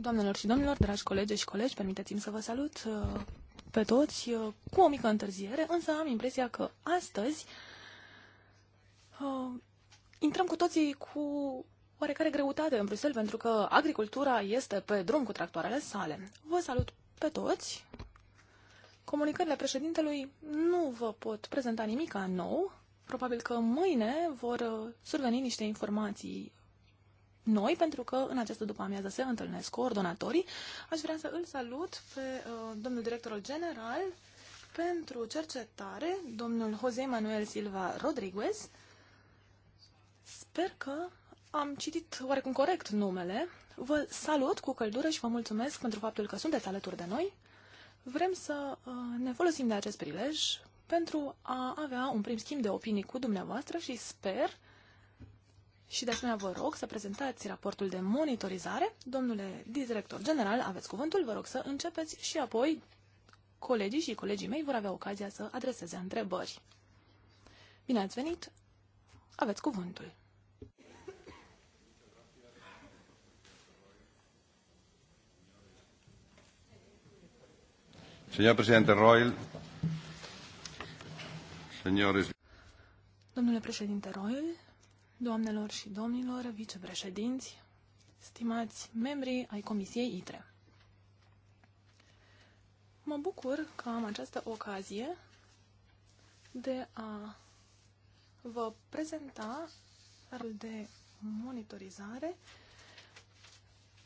Doamnelor și domnilor, dragi colegi și colegi, permiteți-mi să vă salut uh, pe toți uh, cu o mică întârziere, însă am impresia că astăzi uh, intrăm cu toții cu oarecare greutate în Bruxelles, pentru că agricultura este pe drum cu tractoarele sale. Vă salut pe toți! Comunicările președintelui nu vă pot prezenta nimic nou, Probabil că mâine vor uh, surveni niște informații noi, pentru că în această după-amiază se întâlnesc coordonatorii. Aș vrea să îl salut pe uh, domnul directorul general pentru cercetare, domnul Jose Manuel Silva Rodriguez. Sper că am citit oarecum corect numele. Vă salut cu căldură și vă mulțumesc pentru faptul că sunteți alături de noi. Vrem să uh, ne folosim de acest prilej pentru a avea un prim schimb de opinii cu dumneavoastră și sper și de asemenea vă rog să prezentați raportul de monitorizare. Domnule director general, aveți cuvântul, vă rog să începeți și apoi colegii și colegii mei vor avea ocazia să adreseze întrebări. Bine ați venit! Aveți cuvântul! Señor presidente Royal, Domnule președinte Royal, doamnelor și domnilor, vicepreședinți, stimați membri ai Comisiei ITRE. Mă bucur că am această ocazie de a vă prezenta de monitorizare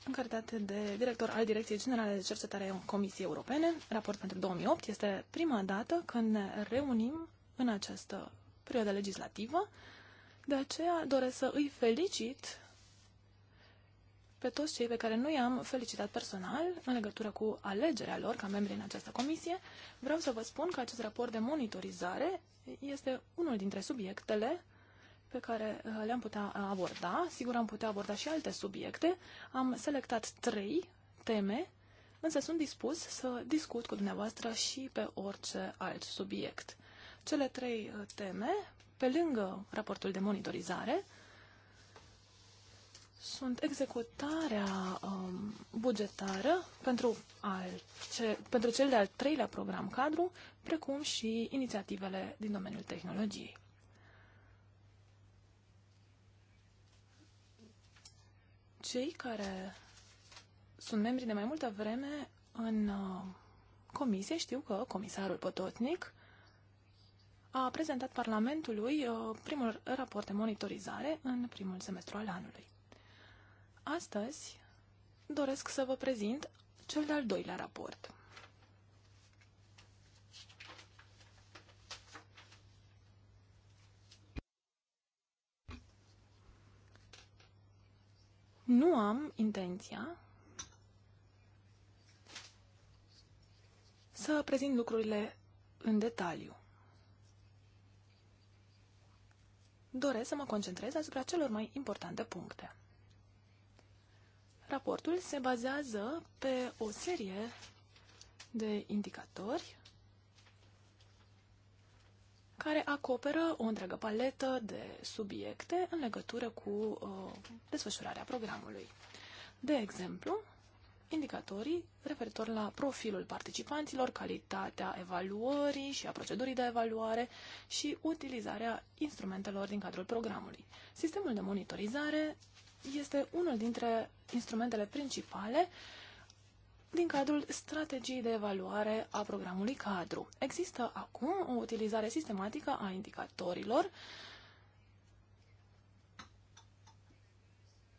în calitate de director al Direcției Generale de Cercetare a Comisiei Europene, raport pentru 2008, este prima dată când ne reunim în această perioadă legislativă. De aceea doresc să îi felicit pe toți cei pe care nu i-am felicitat personal în legătură cu alegerea lor ca membri în această comisie. Vreau să vă spun că acest raport de monitorizare este unul dintre subiectele pe care uh, le-am putea uh, aborda. Sigur, am putea aborda și alte subiecte. Am selectat trei teme, însă sunt dispus să discut cu dumneavoastră și pe orice alt subiect cele trei uh, teme, pe lângă raportul de monitorizare, sunt executarea um, bugetară pentru, al, ce, pentru cel de-al treilea program cadru, precum și inițiativele din domeniul tehnologiei. Cei care sunt membri de mai multă vreme în uh, comisie știu că comisarul Pototnic a prezentat Parlamentului uh, primul raport de monitorizare în primul semestru al anului. Astăzi doresc să vă prezint cel de-al doilea raport. Nu am intenția să prezint lucrurile în detaliu. doresc să mă concentrez asupra celor mai importante puncte. Raportul se bazează pe o serie de indicatori care acoperă o întreagă paletă de subiecte în legătură cu uh, desfășurarea programului. De exemplu, indicatorii referitor la profilul participanților, calitatea evaluării și a procedurii de evaluare și utilizarea instrumentelor din cadrul programului. Sistemul de monitorizare este unul dintre instrumentele principale din cadrul strategiei de evaluare a programului cadru. Există acum o utilizare sistematică a indicatorilor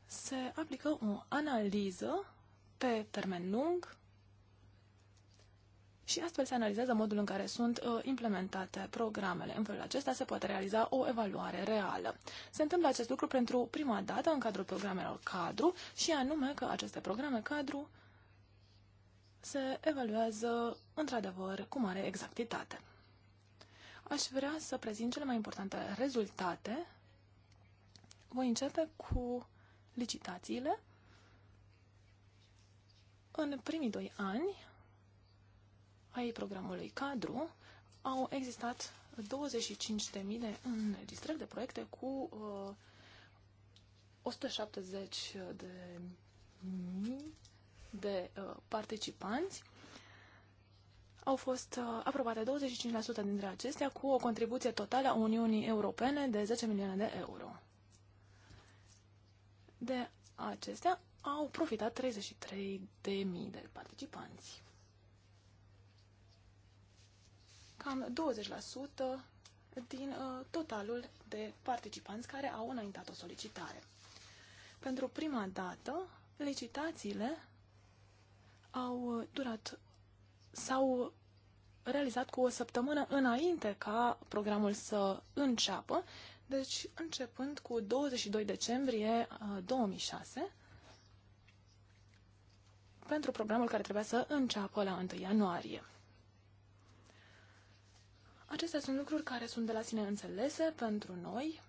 se aplică o analiză pe termen lung și astfel se analizează modul în care sunt uh, implementate programele. În felul acesta se poate realiza o evaluare reală. Se întâmplă acest lucru pentru prima dată în cadrul programelor cadru și anume că aceste programe cadru se evaluează într-adevăr cu mare exactitate. Aș vrea să prezint cele mai importante rezultate. Voi începe cu licitațiile. În primii doi ani ai programului cadru au existat 25.000 de înregistrări de proiecte cu uh, 170 de de uh, participanți. Au fost uh, aprobate 25% dintre acestea cu o contribuție totală a Uniunii Europene de 10 milioane de euro. De acestea, au profitat 33.000 de de participanți. Cam 20% din uh, totalul de participanți care au înaintat o solicitare. Pentru prima dată, licitațiile au uh, durat sau realizat cu o săptămână înainte ca programul să înceapă, deci începând cu 22 decembrie 2006, uh, pentru programul care trebuia să înceapă la 1 ianuarie. Acestea sunt lucruri care sunt de la sine înțelese pentru noi,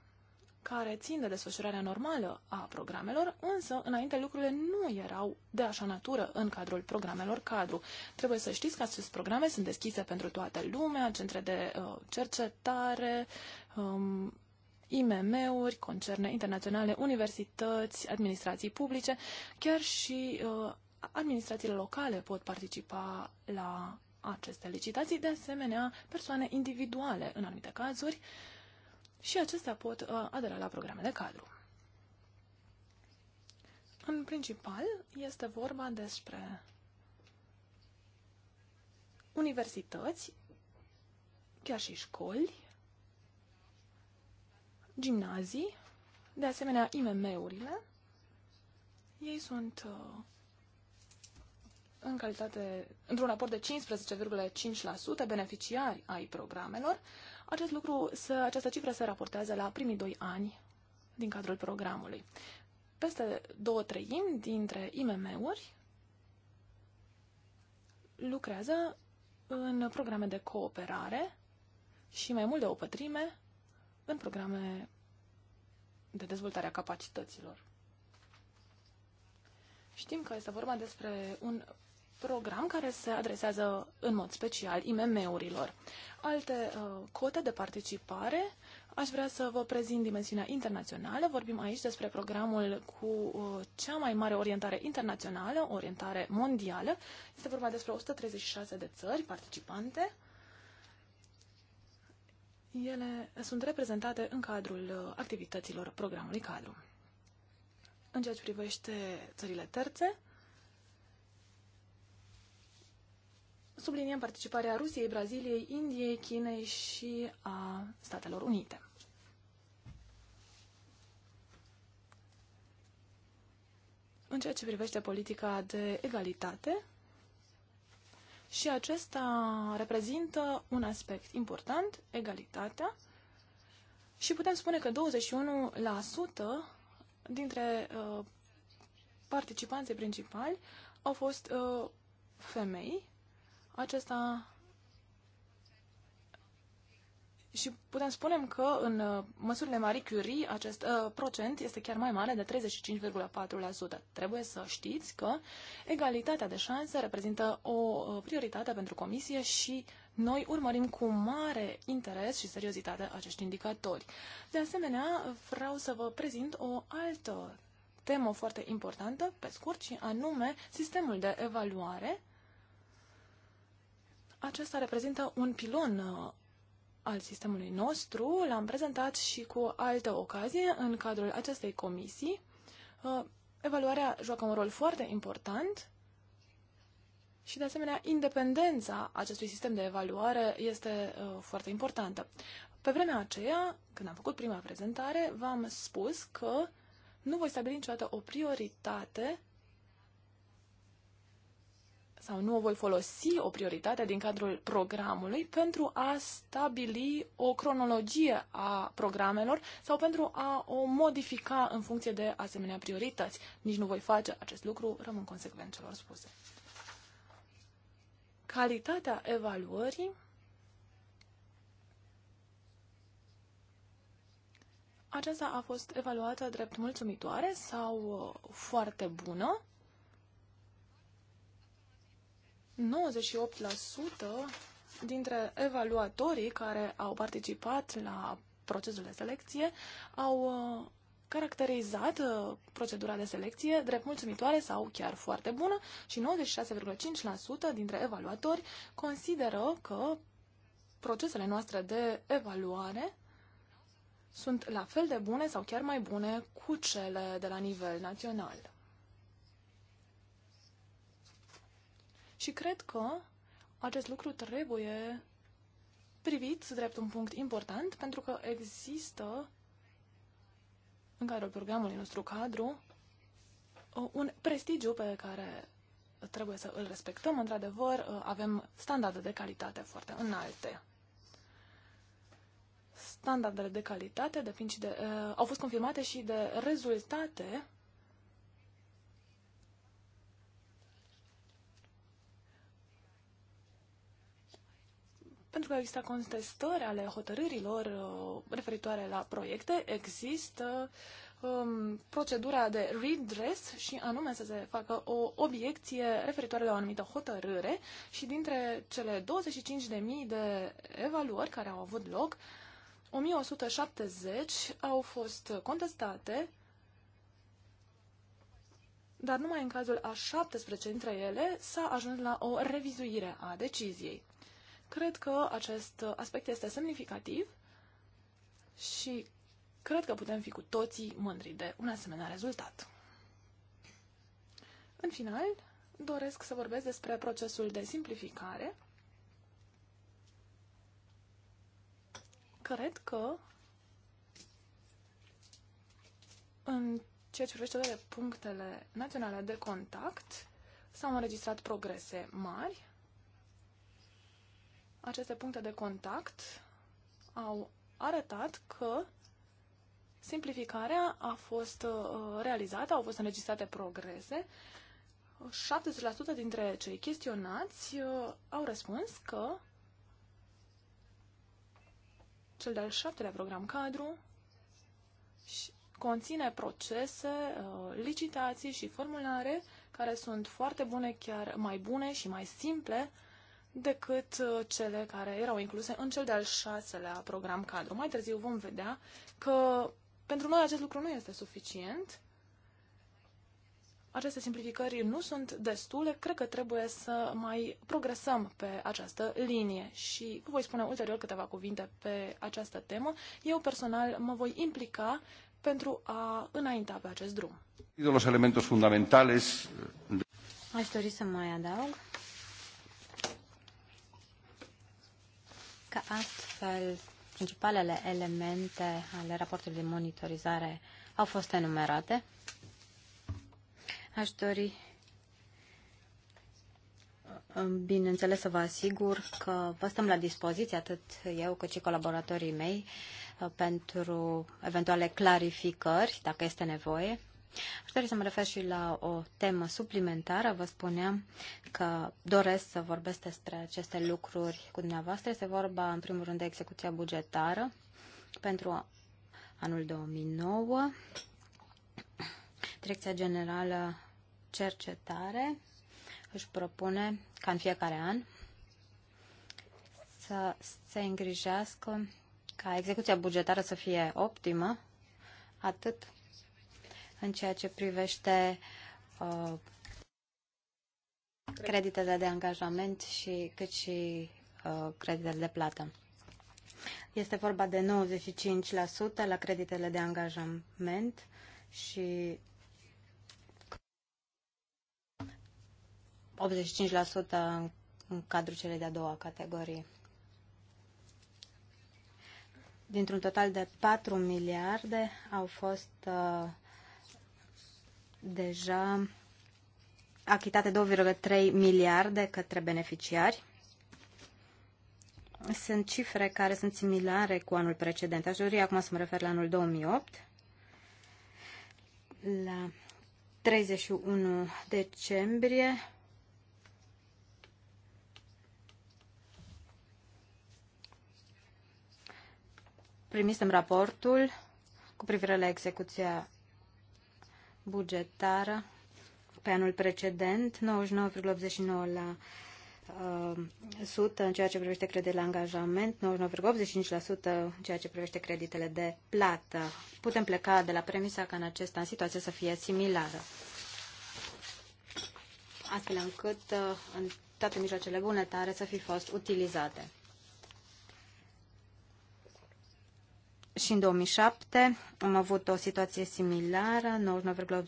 care țin de desfășurarea normală a programelor, însă înainte lucrurile nu erau de așa natură în cadrul programelor cadru. Trebuie să știți că aceste programe sunt deschise pentru toată lumea, centre de uh, cercetare, um, IMM-uri, concerne internaționale, universități, administrații publice, chiar și uh, administrațiile locale pot participa la aceste licitații, de asemenea persoane individuale în anumite cazuri și acestea pot uh, adera la programe de cadru. În principal este vorba despre universități, chiar și școli, gimnazii, de asemenea IMM-urile. Ei sunt uh, în calitate, într-un raport de 15,5% beneficiari ai programelor. Acest lucru, să această cifră se raportează la primii doi ani din cadrul programului. Peste două treimi dintre IMM-uri lucrează în programe de cooperare și mai mult de o pătrime în programe de dezvoltare a capacităților. Știm că este vorba despre un program care se adresează în mod special IMM-urilor. Alte uh, cote de participare, aș vrea să vă prezint dimensiunea internațională. Vorbim aici despre programul cu uh, cea mai mare orientare internațională, orientare mondială. Este vorba despre 136 de țări participante. Ele sunt reprezentate în cadrul uh, activităților programului cadru. În ceea ce privește țările terțe, subliniem participarea Rusiei, Braziliei, Indiei, Chinei și a Statelor Unite. În ceea ce privește politica de egalitate, și acesta reprezintă un aspect important, egalitatea, și putem spune că 21% dintre uh, participanții principali au fost uh, femei, acesta și putem spune că în uh, măsurile Marie Curie acest uh, procent este chiar mai mare de 35,4%. Trebuie să știți că egalitatea de șanse reprezintă o uh, prioritate pentru comisie și noi urmărim cu mare interes și seriozitate acești indicatori. De asemenea, vreau să vă prezint o altă temă foarte importantă, pe scurt, și anume sistemul de evaluare acesta reprezintă un pilon uh, al sistemului nostru. L-am prezentat și cu altă ocazie în cadrul acestei comisii. Uh, evaluarea joacă un rol foarte important și, de asemenea, independența acestui sistem de evaluare este uh, foarte importantă. Pe vremea aceea, când am făcut prima prezentare, v-am spus că nu voi stabili niciodată o prioritate sau nu o voi folosi o prioritate din cadrul programului pentru a stabili o cronologie a programelor sau pentru a o modifica în funcție de asemenea priorități. Nici nu voi face acest lucru, rămân consecvent celor spuse. Calitatea evaluării aceasta a fost evaluată drept mulțumitoare sau uh, foarte bună. 98% dintre evaluatorii care au participat la procesul de selecție au uh, caracterizat uh, procedura de selecție drept mulțumitoare sau chiar foarte bună și 96,5% dintre evaluatori consideră că procesele noastre de evaluare sunt la fel de bune sau chiar mai bune cu cele de la nivel național. Și cred că acest lucru trebuie privit drept un punct important, pentru că există în cadrul programului nostru cadru un prestigiu pe care trebuie să îl respectăm. Într-adevăr, ă, avem standarde de calitate foarte înalte. Standardele de calitate depind și de, uh, au fost confirmate și de rezultate pentru că există contestări ale hotărârilor uh, referitoare la proiecte, există um, procedura de redress și anume să se facă o obiecție referitoare la o anumită hotărâre și dintre cele 25.000 de evaluări care au avut loc, 1170 au fost contestate, dar numai în cazul a 17 dintre ele s-a ajuns la o revizuire a deciziei. Cred că acest aspect este semnificativ și cred că putem fi cu toții mândri de un asemenea rezultat. În final, doresc să vorbesc despre procesul de simplificare. Cred că în ceea ce privește de punctele naționale de contact s-au înregistrat progrese mari aceste puncte de contact au arătat că simplificarea a fost uh, realizată, au fost înregistrate progrese. 70% dintre cei chestionați uh, au răspuns că cel de-al șaptelea program cadru conține procese, uh, licitații și formulare care sunt foarte bune, chiar mai bune și mai simple decât uh, cele care erau incluse în cel de-al șaselea program cadru. Mai târziu vom vedea că pentru noi acest lucru nu este suficient. Aceste simplificări nu sunt destule, cred că trebuie să mai progresăm pe această linie și voi spune ulterior câteva cuvinte pe această temă. Eu personal mă voi implica pentru a înainta pe acest drum. Aș dori să mai adaug că astfel principalele elemente ale raportului de monitorizare au fost enumerate. Aș dori, bineînțeles, să vă asigur că vă stăm la dispoziție, atât eu cât și colaboratorii mei, pentru eventuale clarificări, dacă este nevoie. Aș dori să mă refer și la o temă suplimentară. Vă spuneam că doresc să vorbesc despre aceste lucruri cu dumneavoastră. Este vorba, în primul rând, de execuția bugetară pentru anul 2009. Direcția Generală Cercetare își propune ca în fiecare an să se îngrijească ca execuția bugetară să fie optimă, atât în ceea ce privește uh, creditele de angajament și cât și uh, creditele de plată. Este vorba de 95% la creditele de angajament și 85% în, în cadrul celei de-a doua categorii. Dintr-un total de 4 miliarde au fost uh, deja achitate 2,3 miliarde către beneficiari. Sunt cifre care sunt similare cu anul precedent. Aș dori acum să mă refer la anul 2008, la 31 decembrie. Primisem raportul cu privire la execuția bugetară pe anul precedent, 99,89 la uh, sută, în ceea ce privește creditele la angajament, 99,85% în ceea ce privește creditele de plată. Putem pleca de la premisa ca în acesta în situație să fie similară. Astfel încât uh, în toate mijloacele bunetare să fi fost utilizate. și în 2007 am avut o situație similară,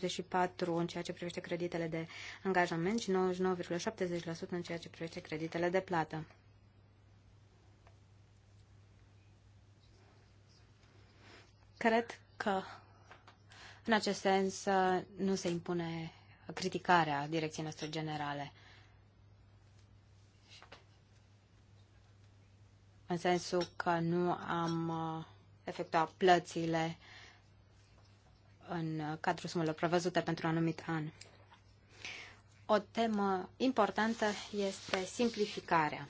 99,84% în ceea ce privește creditele de angajament și 99,70% în ceea ce privește creditele de plată. Cred că în acest sens nu se impune criticarea direcției noastre generale. În sensul că nu am uh, efectua plățile în cadrul sumelor prevăzute pentru un anumit an. O temă importantă este simplificarea.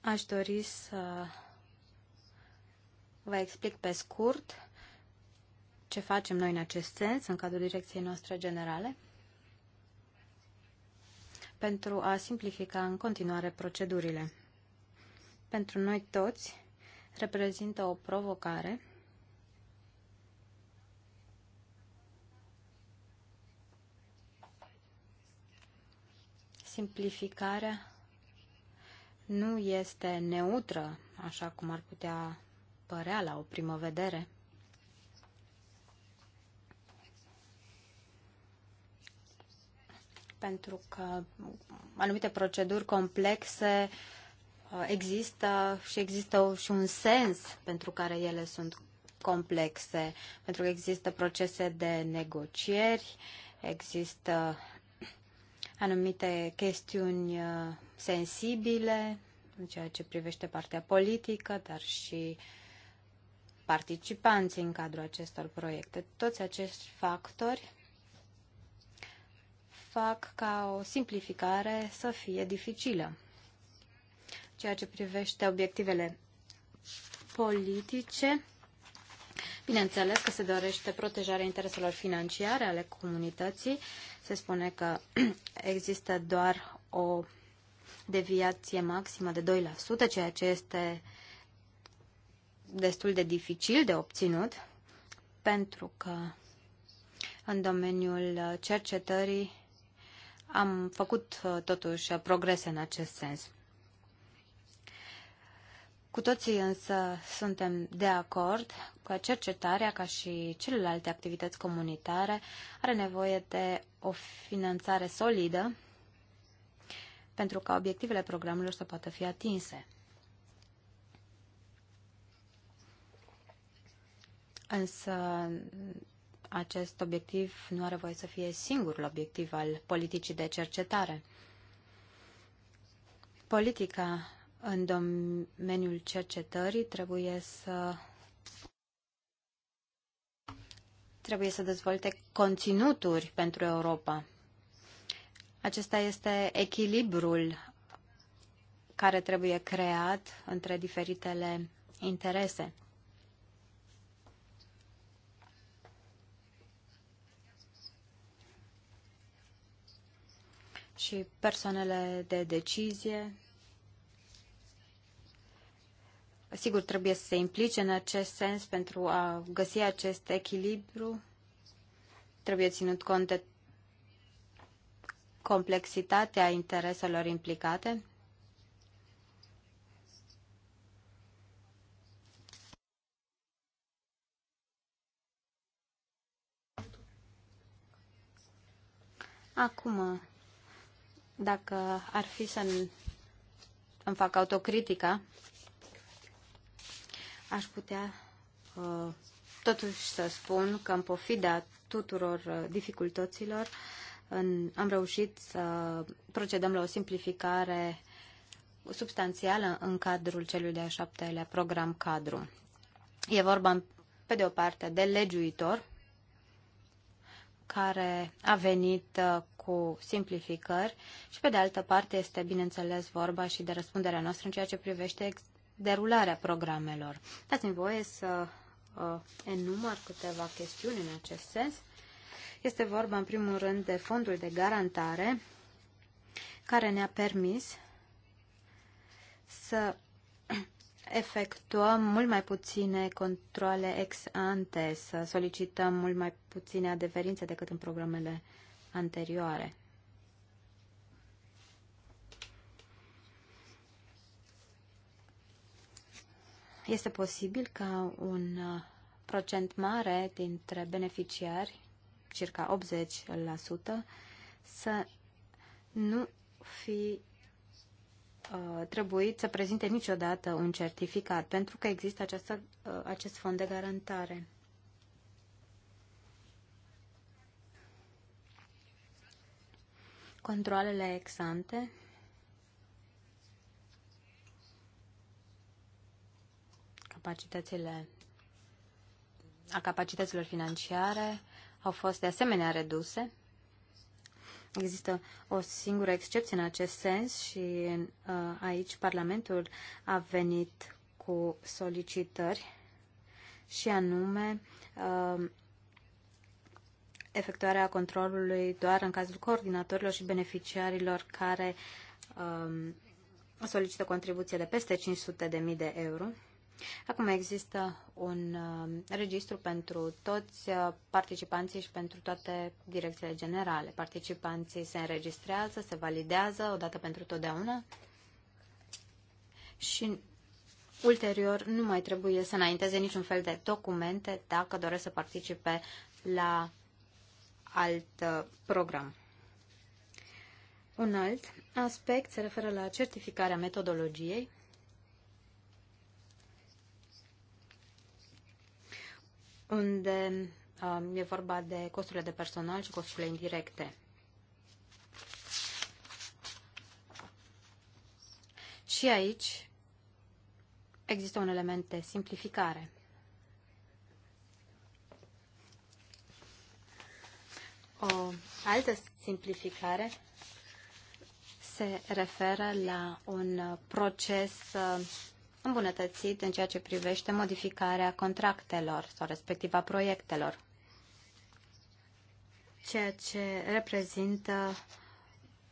Aș dori să vă explic pe scurt ce facem noi în acest sens, în cadrul direcției noastre generale, pentru a simplifica în continuare procedurile pentru noi toți reprezintă o provocare simplificarea nu este neutră, așa cum ar putea părea la o primă vedere. Pentru că anumite proceduri complexe uh, Uh, există și există și un sens pentru care ele sunt complexe, pentru că există procese de negocieri, există anumite chestiuni uh, sensibile în ceea ce privește partea politică, dar și participanții în cadrul acestor proiecte. Toți acești factori fac ca o simplificare să fie dificilă ceea ce privește obiectivele politice. Bineînțeles că se dorește protejarea intereselor financiare ale comunității. Se spune că există doar o deviație maximă de 2%, ceea ce este destul de dificil de obținut, pentru că în domeniul cercetării am făcut uh, totuși progrese în acest sens. Cu toții însă suntem de acord că cercetarea, ca și celelalte activități comunitare, are nevoie de o finanțare solidă pentru ca obiectivele programelor să poată fi atinse. Însă acest obiectiv nu are voie să fie singurul obiectiv al politicii de cercetare. Politica în domeniul cercetării trebuie să trebuie să dezvolte conținuturi pentru Europa. Acesta este echilibrul care trebuie creat între diferitele interese. Și persoanele de decizie sigur, trebuie să se implice în acest sens pentru a găsi acest echilibru. Trebuie ținut cont de complexitatea intereselor implicate. Acum, dacă ar fi să îmi fac autocritica, aș putea uh, totuși să spun că în pofida tuturor uh, dificultăților în, am reușit să procedăm la o simplificare substanțială în cadrul celui de-a șaptelea program cadru. E vorba, pe de o parte, de legiuitor, care a venit uh, cu simplificări și, pe de altă parte, este, bineînțeles, vorba și de răspunderea noastră în ceea ce privește ex- derularea programelor. Dați-mi voie să uh, enumăr câteva chestiuni în acest sens. Este vorba, în primul rând, de fondul de garantare care ne-a permis să efectuăm mult mai puține controle ex ante, să solicităm mult mai puține adeverințe decât în programele anterioare. Este posibil ca un uh, procent mare dintre beneficiari, circa 80%, să nu fi uh, trebuit să prezinte niciodată un certificat, pentru că există această, uh, acest fond de garantare. Controlele ex ante capacitățile a capacităților financiare au fost de asemenea reduse. Există o singură excepție în acest sens și uh, aici Parlamentul a venit cu solicitări și anume uh, efectuarea controlului doar în cazul coordinatorilor și beneficiarilor care um, solicită contribuție de peste 500.000 de euro. Acum există un uh, registru pentru toți uh, participanții și pentru toate direcțiile generale. Participanții se înregistrează, se validează odată pentru totdeauna și ulterior nu mai trebuie să înainteze niciun fel de documente dacă doresc să participe la alt uh, program. Un alt aspect se referă la certificarea metodologiei unde um, e vorba de costurile de personal și costurile indirecte. Și aici există un element de simplificare. O altă simplificare se referă la un proces uh, îmbunătățit în ceea ce privește modificarea contractelor sau respectiva proiectelor, ceea ce reprezintă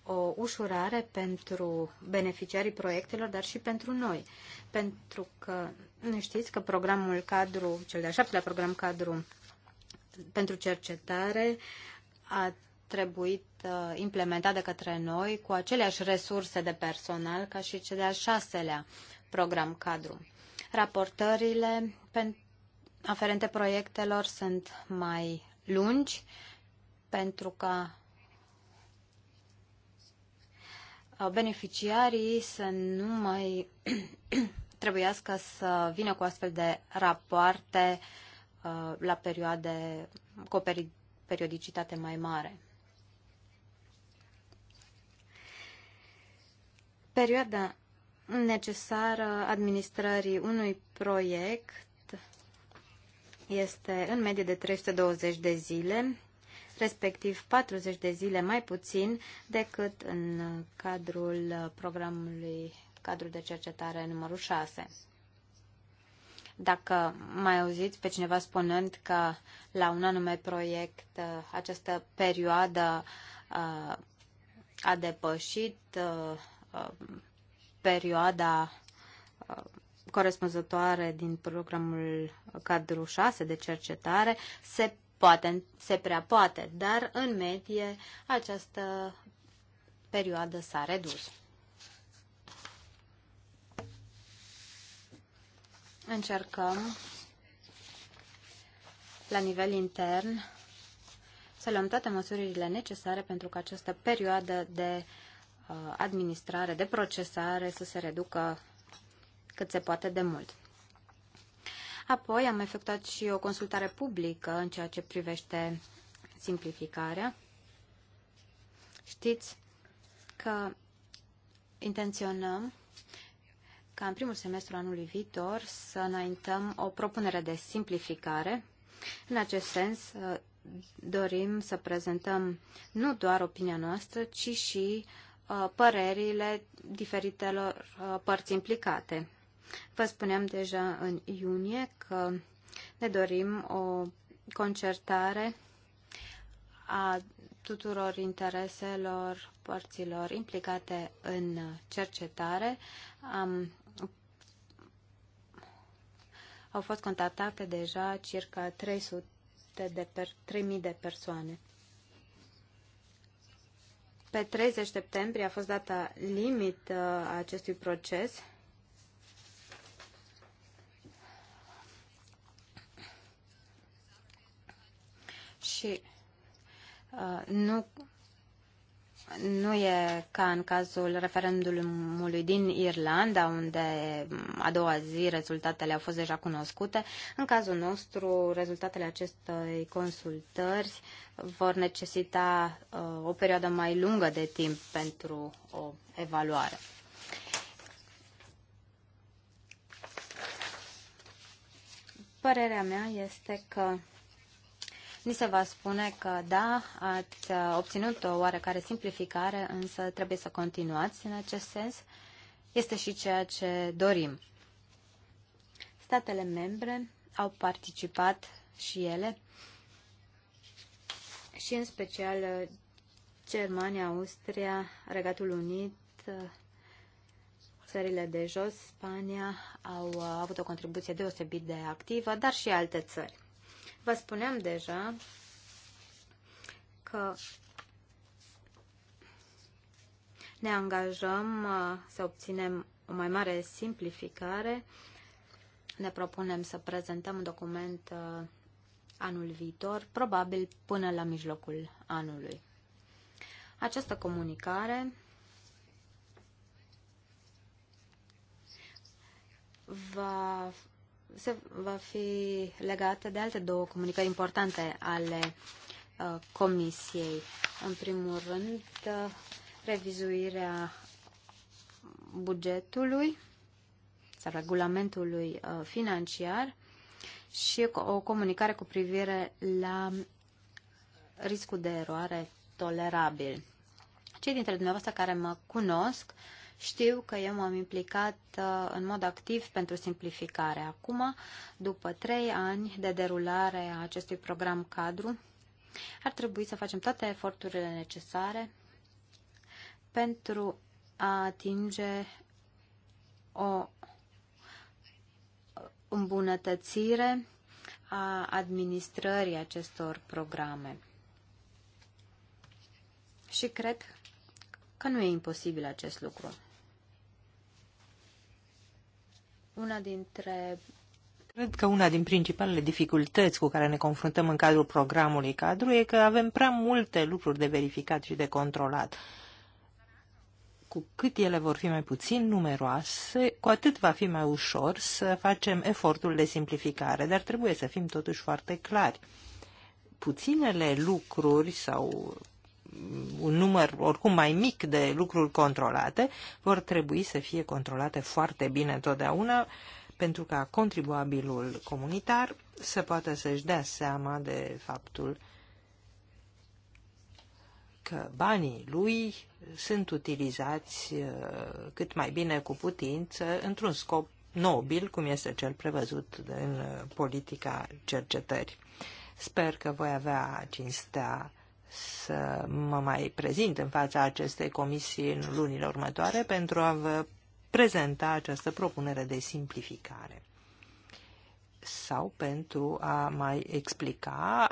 o ușurare pentru beneficiarii proiectelor, dar și pentru noi. Pentru că știți că programul cadru, cel de a șaptelea program cadru pentru cercetare a trebuit uh, implementat de către noi cu aceleași resurse de personal ca și cel de-al șaselea program cadru. Raportările aferente proiectelor sunt mai lungi pentru ca beneficiarii să nu mai trebuiască să vină cu astfel de rapoarte uh, la perioade cu o periodicitate mai mare. Perioada necesară administrării unui proiect este în medie de 320 de zile, respectiv 40 de zile mai puțin decât în cadrul programului cadrul de cercetare numărul 6. Dacă mai auziți pe cineva spunând că la un anume proiect uh, această perioadă uh, a depășit uh, perioada uh, corespunzătoare din programul cadru 6 de cercetare se poate, se prea poate, dar în medie această perioadă s-a redus. Încercăm la nivel intern să luăm toate măsurile necesare pentru că această perioadă de uh, Uh, administrare, de procesare să se reducă cât se poate de mult. Apoi am efectuat și o consultare publică în ceea ce privește simplificarea. Știți că intenționăm ca în primul semestru anului viitor să înaintăm o propunere de simplificare. În acest sens, uh, dorim să prezentăm nu doar opinia noastră, ci și uh, Uh, părerile diferitelor uh, părți implicate. Vă spuneam deja în iunie că ne dorim o concertare a tuturor intereselor părților implicate în cercetare. Am, au fost contactate deja circa 300 de per, 3000 de persoane. Pe 30 septembrie a fost data limită uh, a acestui proces. Și uh, nu nu e ca în cazul referendumului din Irlanda, unde a doua zi rezultatele au fost deja cunoscute. În cazul nostru, rezultatele acestei consultări vor necesita uh, o perioadă mai lungă de timp pentru o evaluare. Părerea mea este că ni se va spune că da, ați uh, obținut o oarecare simplificare, însă trebuie să continuați în acest sens. Este și ceea ce dorim. Statele membre au participat și ele și în special uh, Germania, Austria, Regatul Unit, uh, țările de jos, Spania, au avut o contribuție deosebit de activă, dar și alte țări. Vă spuneam deja că ne angajăm uh, să obținem o mai mare simplificare. Ne propunem să prezentăm un document uh, anul viitor, probabil până la mijlocul anului. Această comunicare va se va fi legată de alte două comunicări importante ale uh, Comisiei. În primul rând, uh, revizuirea bugetului sau regulamentului uh, financiar și o comunicare cu privire la riscul de eroare tolerabil. Cei dintre dumneavoastră care mă cunosc uh, știu că eu m-am implicat uh, în mod activ pentru simplificare. Acum, după trei ani de derulare a acestui program cadru, ar trebui să facem toate eforturile necesare pentru a atinge o îmbunătățire a administrării acestor programe. Și cred că nu e imposibil acest lucru. Una dintre Cred că una din principalele dificultăți cu care ne confruntăm în cadrul programului cadru e că avem prea multe lucruri de verificat și de controlat. Cu cât ele vor fi mai puțin numeroase, cu atât va fi mai ușor să facem efortul de simplificare, dar trebuie să fim totuși foarte clari. Puținele lucruri sau un număr oricum mai mic de lucruri controlate, vor trebui să fie controlate foarte bine întotdeauna pentru ca contribuabilul comunitar să poată să-și dea seama de faptul că banii lui sunt utilizați uh, cât mai bine cu putință într-un scop nobil, cum este cel prevăzut în politica cercetării. Sper că voi avea cinstea să mă mai prezint în fața acestei comisii în lunile următoare pentru a vă prezenta această propunere de simplificare sau pentru a mai explica,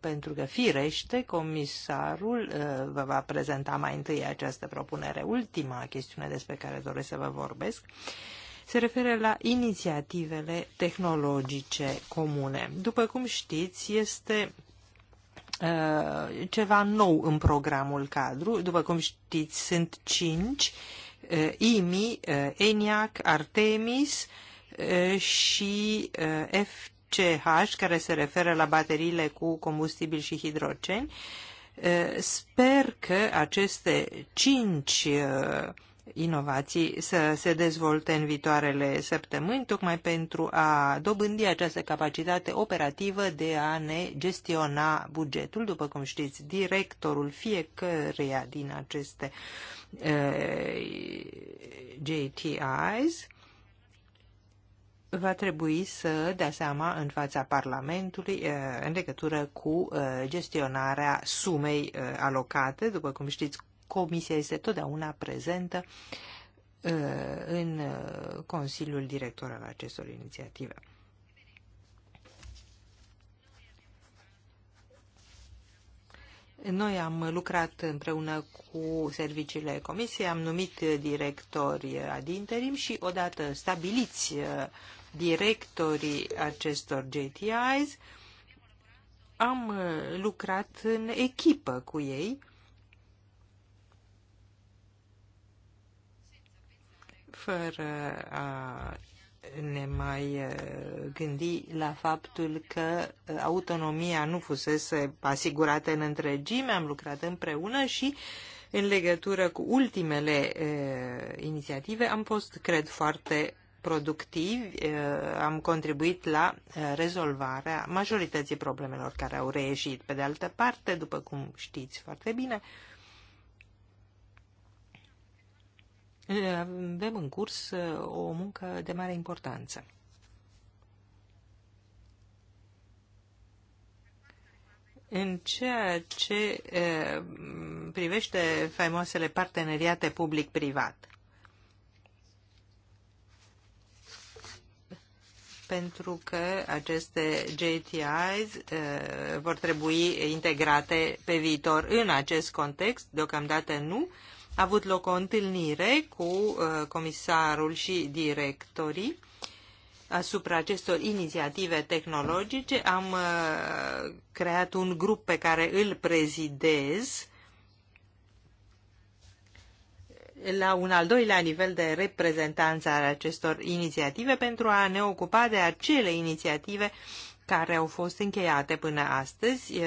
pentru că firește comisarul uh, vă va prezenta mai întâi această propunere. Ultima chestiune despre care doresc să vă vorbesc se referă la inițiativele tehnologice comune. După cum știți, este Uh, ceva nou în programul cadru. După cum știți, sunt cinci, IMI, uh, uh, ENIAC, Artemis și FCH, care se referă la bateriile cu combustibil și hidrogeni. Sper că aceste cinci inovații să se dezvolte în viitoarele săptămâni, tocmai pentru a dobândi această capacitate operativă de a ne gestiona bugetul. După cum știți, directorul fiecăreia din aceste uh, eh, JTIs va trebui să dea seama în fața Parlamentului eh, în legătură cu eh, gestionarea sumei alocate. După cum știți, Comisia este totdeauna prezentă uh, în uh, Consiliul Director al acestor inițiative. Noi am lucrat împreună cu serviciile comisiei, am numit directori ad interim și odată stabiliți uh, directorii acestor JTIs, am lucrat în echipă cu ei fără a ne mai eh, gândi la faptul că eh, autonomia nu fusese asigurată în întregime, am lucrat împreună și în legătură cu ultimele uh, inițiative am fost, cred, foarte productivi, uh, am contribuit la uh, rezolvarea majorității problemelor care au reieșit. Pe de altă parte, după cum știți foarte bine, uh, avem în curs uh, o muncă de mare importanță. În ceea ce uh, privește faimoasele parteneriate public-privat, pentru că aceste JTIs uh, vor trebui integrate pe viitor în acest context, deocamdată nu, a avut loc o întâlnire cu uh, comisarul și directorii asupra acestor inițiative tehnologice. Am uh, creat un grup pe care îl prezidez la un al doilea nivel de reprezentanță al acestor inițiative pentru a ne ocupa de acele inițiative care au fost încheiate până astăzi uh,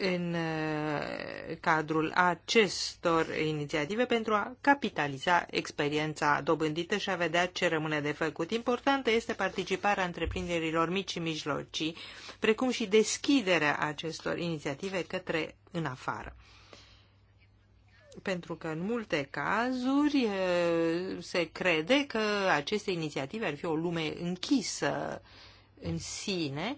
în uh, cadrul acestor inițiative pentru a capitaliza experiența dobândită și a vedea ce rămâne de făcut. Importantă este participarea întreprinderilor mici și mijlocii, precum și deschiderea acestor inițiative către în afară pentru că în multe cazuri uh, se crede că aceste inițiative ar fi o lume închisă în sine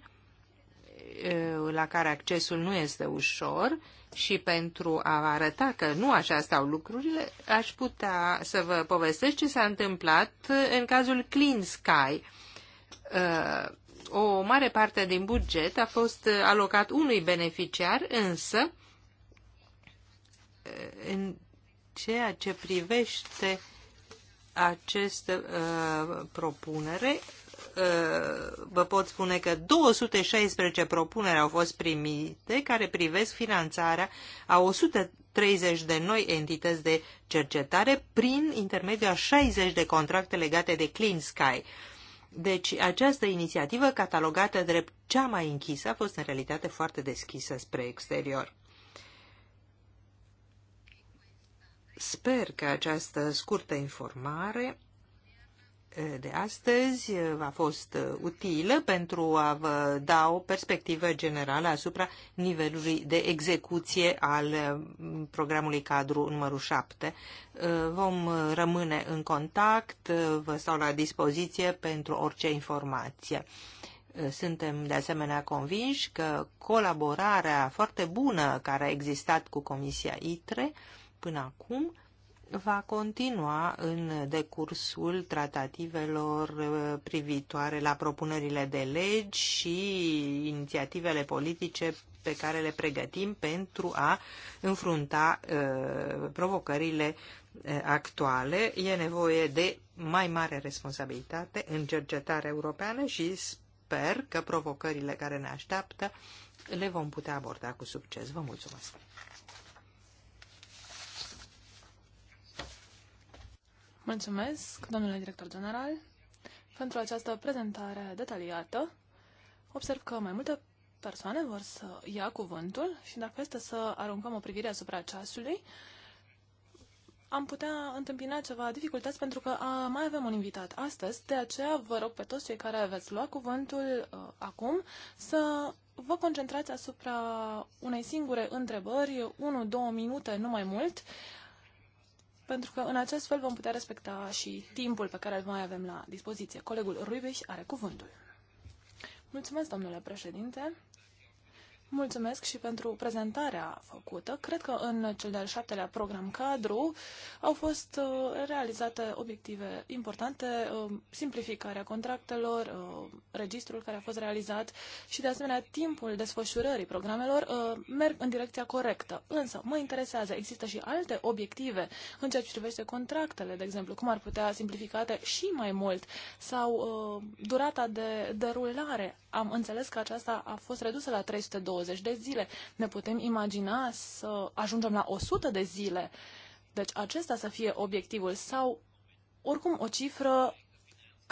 la care accesul nu este ușor și pentru a arăta că nu așa stau lucrurile, aș putea să vă povestesc ce s-a întâmplat în cazul Clean Sky. O mare parte din buget a fost alocat unui beneficiar, însă în ceea ce privește această uh, propunere, vă pot spune că 216 propuneri au fost primite care privesc finanțarea a 130 de noi entități de cercetare prin intermediul a 60 de contracte legate de Clean Sky. Deci această inițiativă, catalogată drept cea mai închisă, a fost în realitate foarte deschisă spre exterior. Sper că această scurtă informare de astăzi uh, a fost uh, utilă pentru a vă da o perspectivă generală asupra nivelului de execuție al um, programului cadru numărul 7. Uh, vom rămâne în contact, vă stau la dispoziție pentru orice informație. Suntem de asemenea convinși că colaborarea foarte bună care a existat cu Comisia ITRE până acum va continua în decursul tratativelor uh, privitoare la propunerile de legi și inițiativele politice pe care le pregătim pentru a înfrunta uh, provocările uh, actuale. E nevoie de mai mare responsabilitate în cercetarea europeană și sper că provocările care ne așteaptă le vom putea aborda cu succes. Vă mulțumesc! Mulțumesc, domnule director general, pentru această prezentare detaliată. Observ că mai multe persoane vor să ia cuvântul și dacă este să aruncăm o privire asupra ceasului, am putea întâmpina ceva dificultăți pentru că mai avem un invitat astăzi, de aceea vă rog pe toți cei care veți lua cuvântul ă, acum să vă concentrați asupra unei singure întrebări, 1-2 minute, nu mai mult, pentru că în acest fel vom putea respecta și timpul pe care îl mai avem la dispoziție. Colegul Ruibiș are cuvântul. Mulțumesc, domnule președinte. Mulțumesc și pentru prezentarea făcută. Cred că în cel de-al șaptelea program cadru au fost uh, realizate obiective importante, uh, simplificarea contractelor, uh, registrul care a fost realizat și, de asemenea, timpul desfășurării programelor merg în direcția corectă. Însă, mă interesează, există și alte obiective în ceea ce privește contractele, de exemplu, cum ar putea simplificate și mai mult sau durata de derulare. Am înțeles că aceasta a fost redusă la 320 20 de zile. Ne putem imagina să ajungem la 100 de zile. Deci acesta să fie obiectivul sau oricum o cifră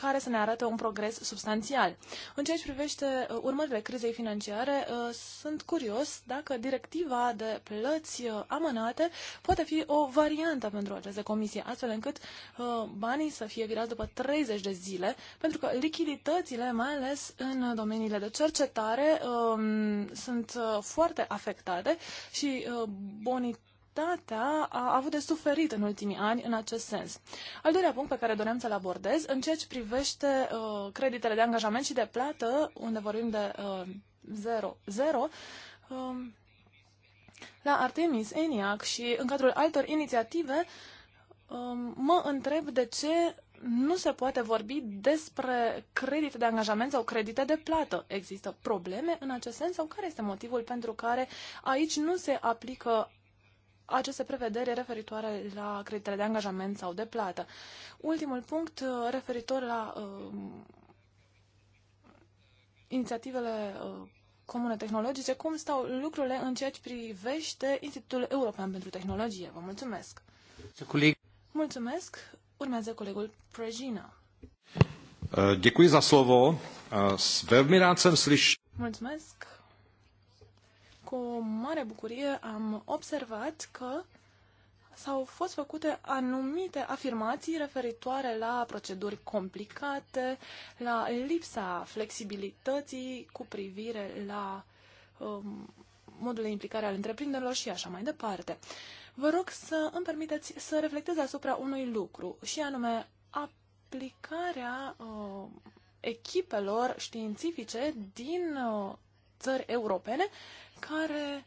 care să ne arate un progres substanțial. În ceea ce privește uh, urmările crizei financiare, uh, sunt curios dacă directiva de plăți uh, amânate poate fi o variantă pentru această comisie, astfel încât banii să fie virați după 30 de zile, pentru că lichiditățile, mai ales în domeniile de cercetare, um, sunt foarte afectate și bonit societatea a avut de suferit în ultimii ani în acest sens. Al doilea punct pe care doream să-l abordez, în ceea ce privește uh, creditele de angajament și de plată, unde vorbim de 0-0, uh, um, la Artemis, ENIAC și în cadrul altor inițiative, um, mă întreb de ce nu se poate vorbi despre credite de angajament sau credite de plată. Există probleme în acest sens sau care este motivul pentru care aici nu se aplică aceste prevederi referitoare la creditele de angajament sau de plată. Ultimul punct uh, referitor la uh, inițiativele uh, comune tehnologice, cum stau lucrurile în ceea ce privește Institutul European pentru Tehnologie. Vă mulțumesc! Mulțumesc! Urmează colegul Prejina. Uh, děkuji za slovo. Uh, velmi rád jsem slyšel. Mulțumesc cu mare bucurie am observat că s-au fost făcute anumite afirmații referitoare la proceduri complicate, la lipsa flexibilității cu privire la um, modul de implicare al întreprinderilor și așa mai departe. Vă rog să îmi permiteți să reflectez asupra unui lucru, și anume aplicarea uh, echipelor științifice din uh, țări europene care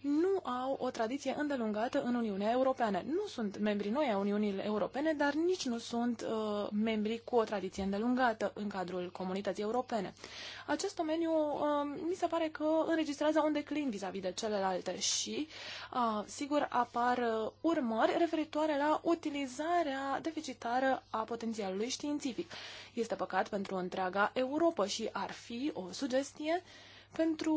nu au o tradiție îndelungată în Uniunea Europeană. Nu sunt membri noi a Uniunii Europene, dar nici nu sunt uh, membri cu o tradiție îndelungată în cadrul comunității europene. Acest domeniu uh, mi se pare că înregistrează un declin vis-a-vis -vis de celelalte și, uh, sigur, apar uh, urmări referitoare la utilizarea deficitară a potențialului științific. Este păcat pentru întreaga Europa și ar fi o sugestie uh, pentru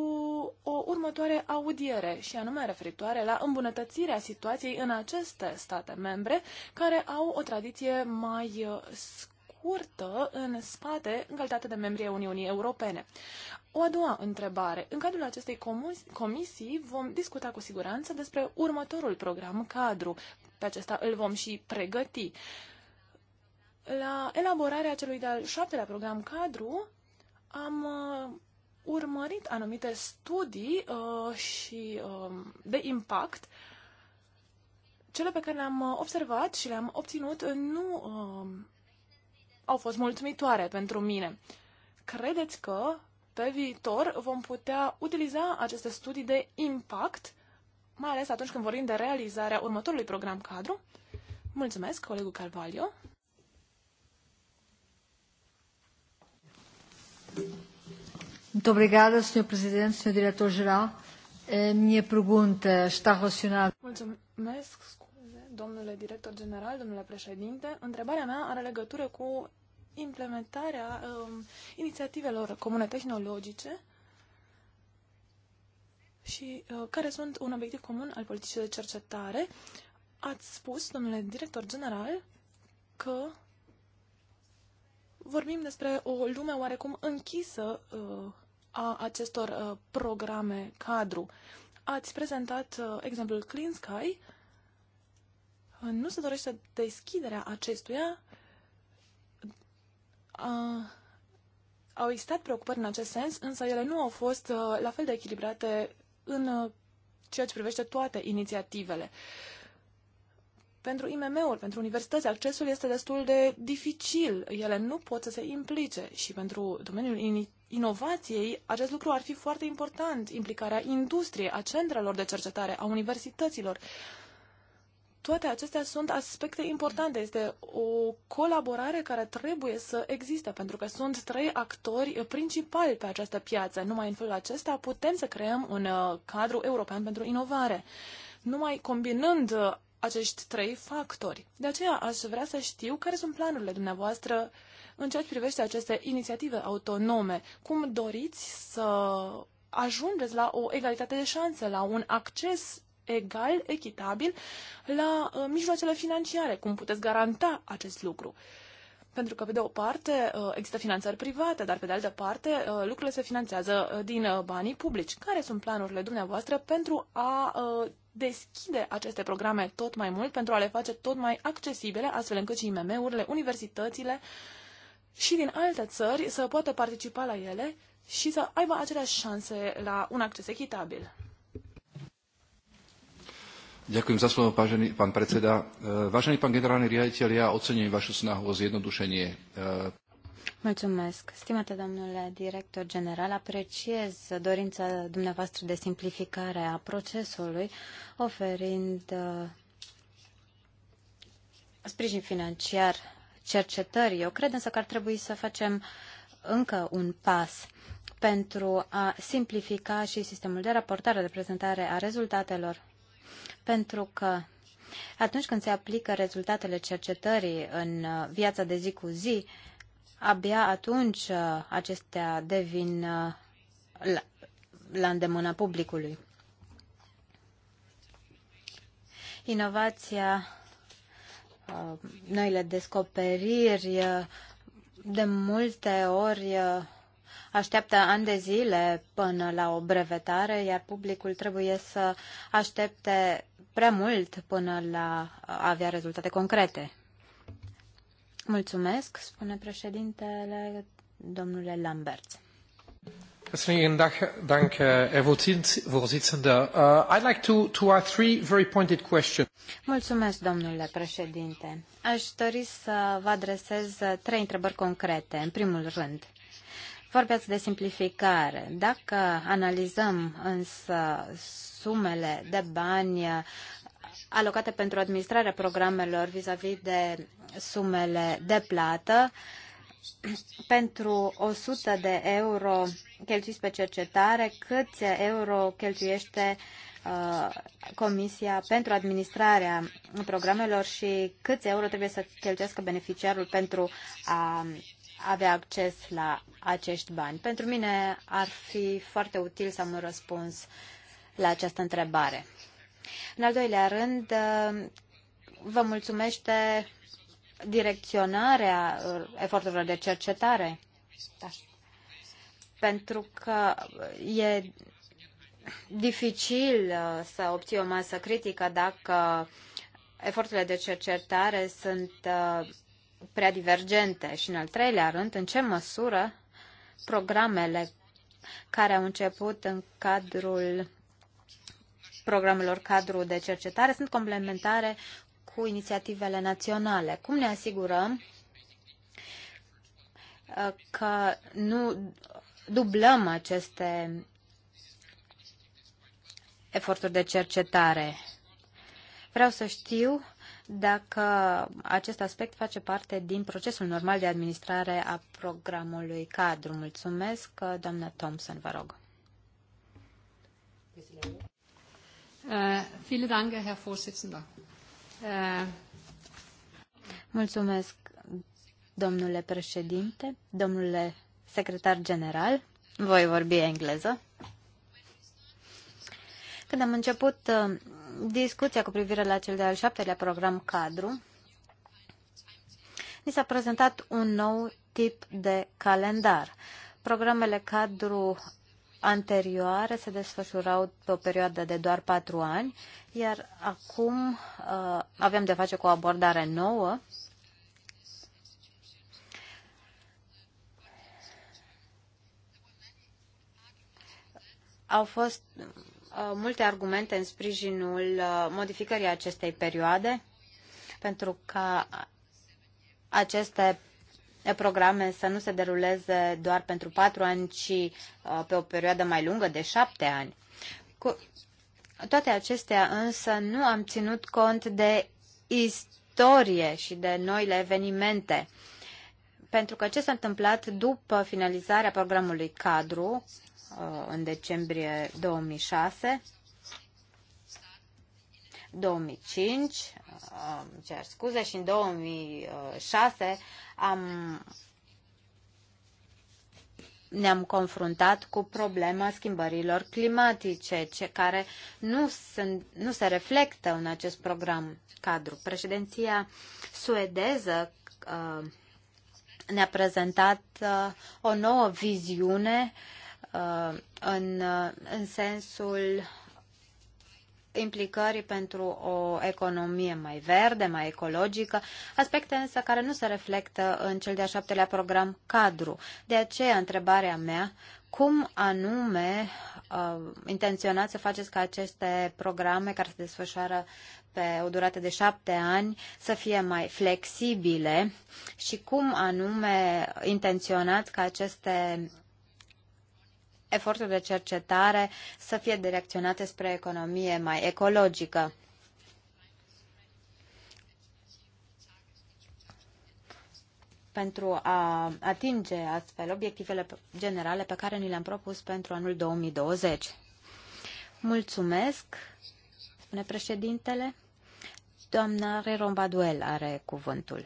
o următoare audiere și anume referitoare la îmbunătățirea situației în aceste state membre care au o tradiție mai uh, scurtă în spate în calitate de membri ai Uniunii Europene. O a doua întrebare. În cadrul acestei comisii vom discuta cu siguranță despre următorul program cadru. Pe acesta îl vom și pregăti. La elaborarea celui de-al șaptelea program cadru am uh, urmărit anumite studii uh, și uh, de impact. Cele pe care le-am uh, observat și le-am obținut uh, nu uh, au fost mulțumitoare pentru mine. Credeți că pe viitor vom putea utiliza aceste studii de impact, mai ales atunci când vorbim de realizarea următorului program cadru? Mulțumesc, colegul Carvalho. Thank you. Mulțumesc, domnule director general, domnule președinte. Întrebarea mea are legătură cu implementarea um, inițiativelor comune tehnologice și uh, care sunt un obiectiv comun al politicii de cercetare. Ați spus, domnule director general, că vorbim despre o lume oarecum închisă uh, a acestor uh, programe cadru. Ați prezentat uh, exemplul Clean Sky. Uh, nu se dorește deschiderea acestuia. Uh, au existat preocupări în acest sens, însă ele nu au fost uh, la fel de echilibrate în uh, ceea ce privește toate inițiativele. Uh, pentru IMM-uri, pentru universități, accesul este destul de dificil. Ele nu pot să se implice și pentru domeniul inovației acest lucru ar fi foarte important. Implicarea industriei, a centrelor de cercetare, a universităților. Toate acestea sunt aspecte importante. Este o colaborare care trebuie să existe, pentru că sunt trei actori principali pe această piață. Numai în felul acesta putem să creăm un uh, cadru european pentru inovare numai combinând uh, acești trei factori. De aceea aș vrea să știu care sunt planurile dumneavoastră în ceea ce privește aceste inițiative autonome. Cum doriți să ajungeți la o egalitate de șanse, la un acces egal, echitabil la uh, mijloacele financiare. Cum puteți garanta acest lucru? Pentru că, pe de o parte, uh, există finanțări private, dar, pe de altă parte, uh, lucrurile se finanțează din banii publici. Care sunt planurile dumneavoastră pentru a deschide aceste programe tot mai mult pentru a le face tot mai accesibile, astfel încât și IMM-urile, universitățile și din alte țări să poată participa la ele și să aibă aceleași șanse la un acces echitabil. Ďakujem za slovo, vážený pán predseda. Vážený pán generálny riaditeľ, ja ocením vašu snahu o zjednodušenie Mulțumesc. Stimate domnule director general, apreciez dorința dumneavoastră de simplificare a procesului, oferind uh, sprijin financiar cercetării. Eu cred însă că ar trebui să facem încă un pas pentru a simplifica și sistemul de raportare, de prezentare a rezultatelor. Pentru că atunci când se aplică rezultatele cercetării în uh, viața de zi cu zi, uh, abia atunci uh, acestea devin uh, la, la îndemâna publicului. Inovația, uh, noile descoperiri, de multe ori așteaptă ani de zile până la o brevetare, iar publicul trebuie să aștepte prea mult până la a avea rezultate concrete. Mulțumesc, spune președintele, domnule Lambert. Herzlichen Dank, Herr Vorsitzender. Uh, I'd like to, to ask three very pointed questions. Mulțumesc, domnule președinte. Aș dori să vă adresez trei întrebări concrete. În primul rând, Vorbeați de simplificare. Dacă analizăm însă sumele de bani alocate pentru administrarea programelor vis-a-vis -vis de sumele de plată. Pentru 100 de euro cheltuiți pe cercetare, câți euro cheltuiește uh, Comisia pentru administrarea programelor și câți euro trebuie să cheltuiască beneficiarul pentru a avea acces la acești bani? Pentru mine ar fi foarte util să am un răspuns la această întrebare. În al doilea rând, uh, vă mulțumește direcționarea uh, eforturilor de cercetare. Da. Pentru că e dificil uh, să obții o masă critică dacă eforturile de cercetare sunt prea divergente. Și în al treilea rând, în ce măsură programele care au început în cadrul programelor cadru de cercetare sunt complementare cu inițiativele naționale. Cum ne asigurăm uh, că nu dublăm aceste eforturi de cercetare? Vreau să știu dacă acest aspect face parte din procesul normal de administrare a programului cadru. Mulțumesc, uh, doamna Thompson, vă rog. Uh, vielen Dank, Herr Vorsitzender. Uh, Mulțumesc, domnule președinte, domnule secretar general. Voi vorbi engleză. Când am început uh, discuția cu privire la cel de-al șaptelea program cadru, ni s-a prezentat un nou tip de calendar. Programele cadru anterioare se desfășurau pe o perioadă de doar patru ani, iar acum uh, avem de face cu o abordare nouă. Au fost uh, multe argumente în sprijinul uh, modificării acestei perioade, pentru că aceste programe să nu se deruleze doar pentru patru ani, ci uh, pe o perioadă mai lungă de șapte ani. Cu toate acestea însă nu am ținut cont de istorie și de noile evenimente. Pentru că ce s-a întâmplat după finalizarea programului cadru uh, în decembrie 2006 2005, cer scuze, și în 2006 am, ne-am confruntat cu problema schimbărilor climatice, ce care nu, sunt, nu se reflectă în acest program cadru. Președinția suedeză uh, ne-a prezentat uh, o nouă viziune uh, în, în sensul implicării pentru o economie mai verde, mai ecologică, aspecte însă care nu se reflectă în cel de-a șaptelea program cadru. De aceea, întrebarea mea, cum anume uh, intenționați să faceți ca aceste programe care se desfășoară pe o durată de șapte ani să fie mai flexibile și cum anume intenționați ca aceste efortul de cercetare să fie direcționate spre o economie mai ecologică. pentru a atinge astfel obiectivele generale pe care ni le-am propus pentru anul 2020. Mulțumesc, spune președintele. Doamna Rerombaduel are cuvântul.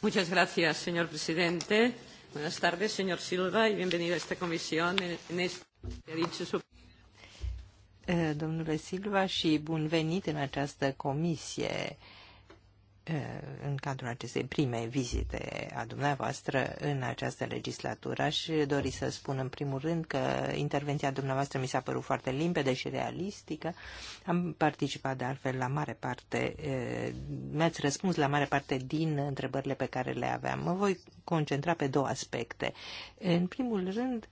Muchas gracias, señor presidente. Buenas tardes, señor Silva, y bienvenido a esta comisión. En este... Eh, domnule Silva și bun venit în această comisie în cadrul acestei prime vizite a dumneavoastră în această legislatură. Aș dori să spun în primul rând că intervenția dumneavoastră mi s-a părut foarte limpede și realistică. Am participat de altfel la mare parte, mi-ați răspuns la mare parte din întrebările pe care le aveam. Mă voi concentra pe două aspecte. În primul rând,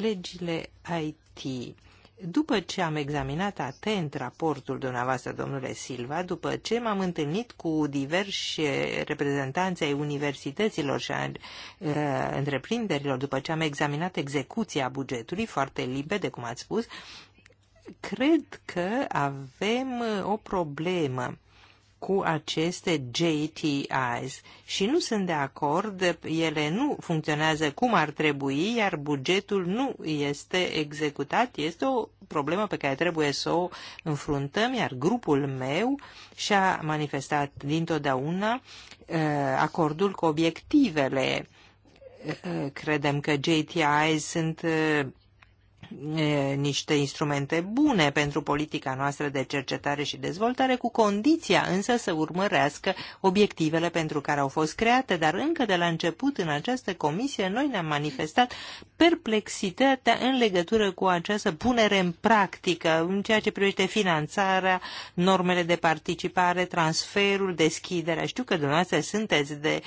legile IT după ce am examinat atent raportul dumneavoastră, domnule Silva, după ce m-am întâlnit cu diversi reprezentanți ai universităților și a uh, întreprinderilor, după ce am examinat execuția bugetului, foarte libede, cum ați spus, cred că avem o problemă cu aceste JTIs și nu sunt de acord, ele nu funcționează cum ar trebui, iar bugetul nu este executat. Este o problemă pe care trebuie să o înfruntăm, iar grupul meu și-a manifestat dintotdeauna uh, acordul cu obiectivele. Uh, credem că JTIs sunt uh, niște instrumente bune pentru politica noastră de cercetare și dezvoltare, cu condiția însă să urmărească obiectivele pentru care au fost create, dar încă de la început în această comisie noi ne-am manifestat perplexitatea în legătură cu această punere în practică în ceea ce privește finanțarea, normele de participare, transferul, deschiderea. Știu că dumneavoastră sunteți de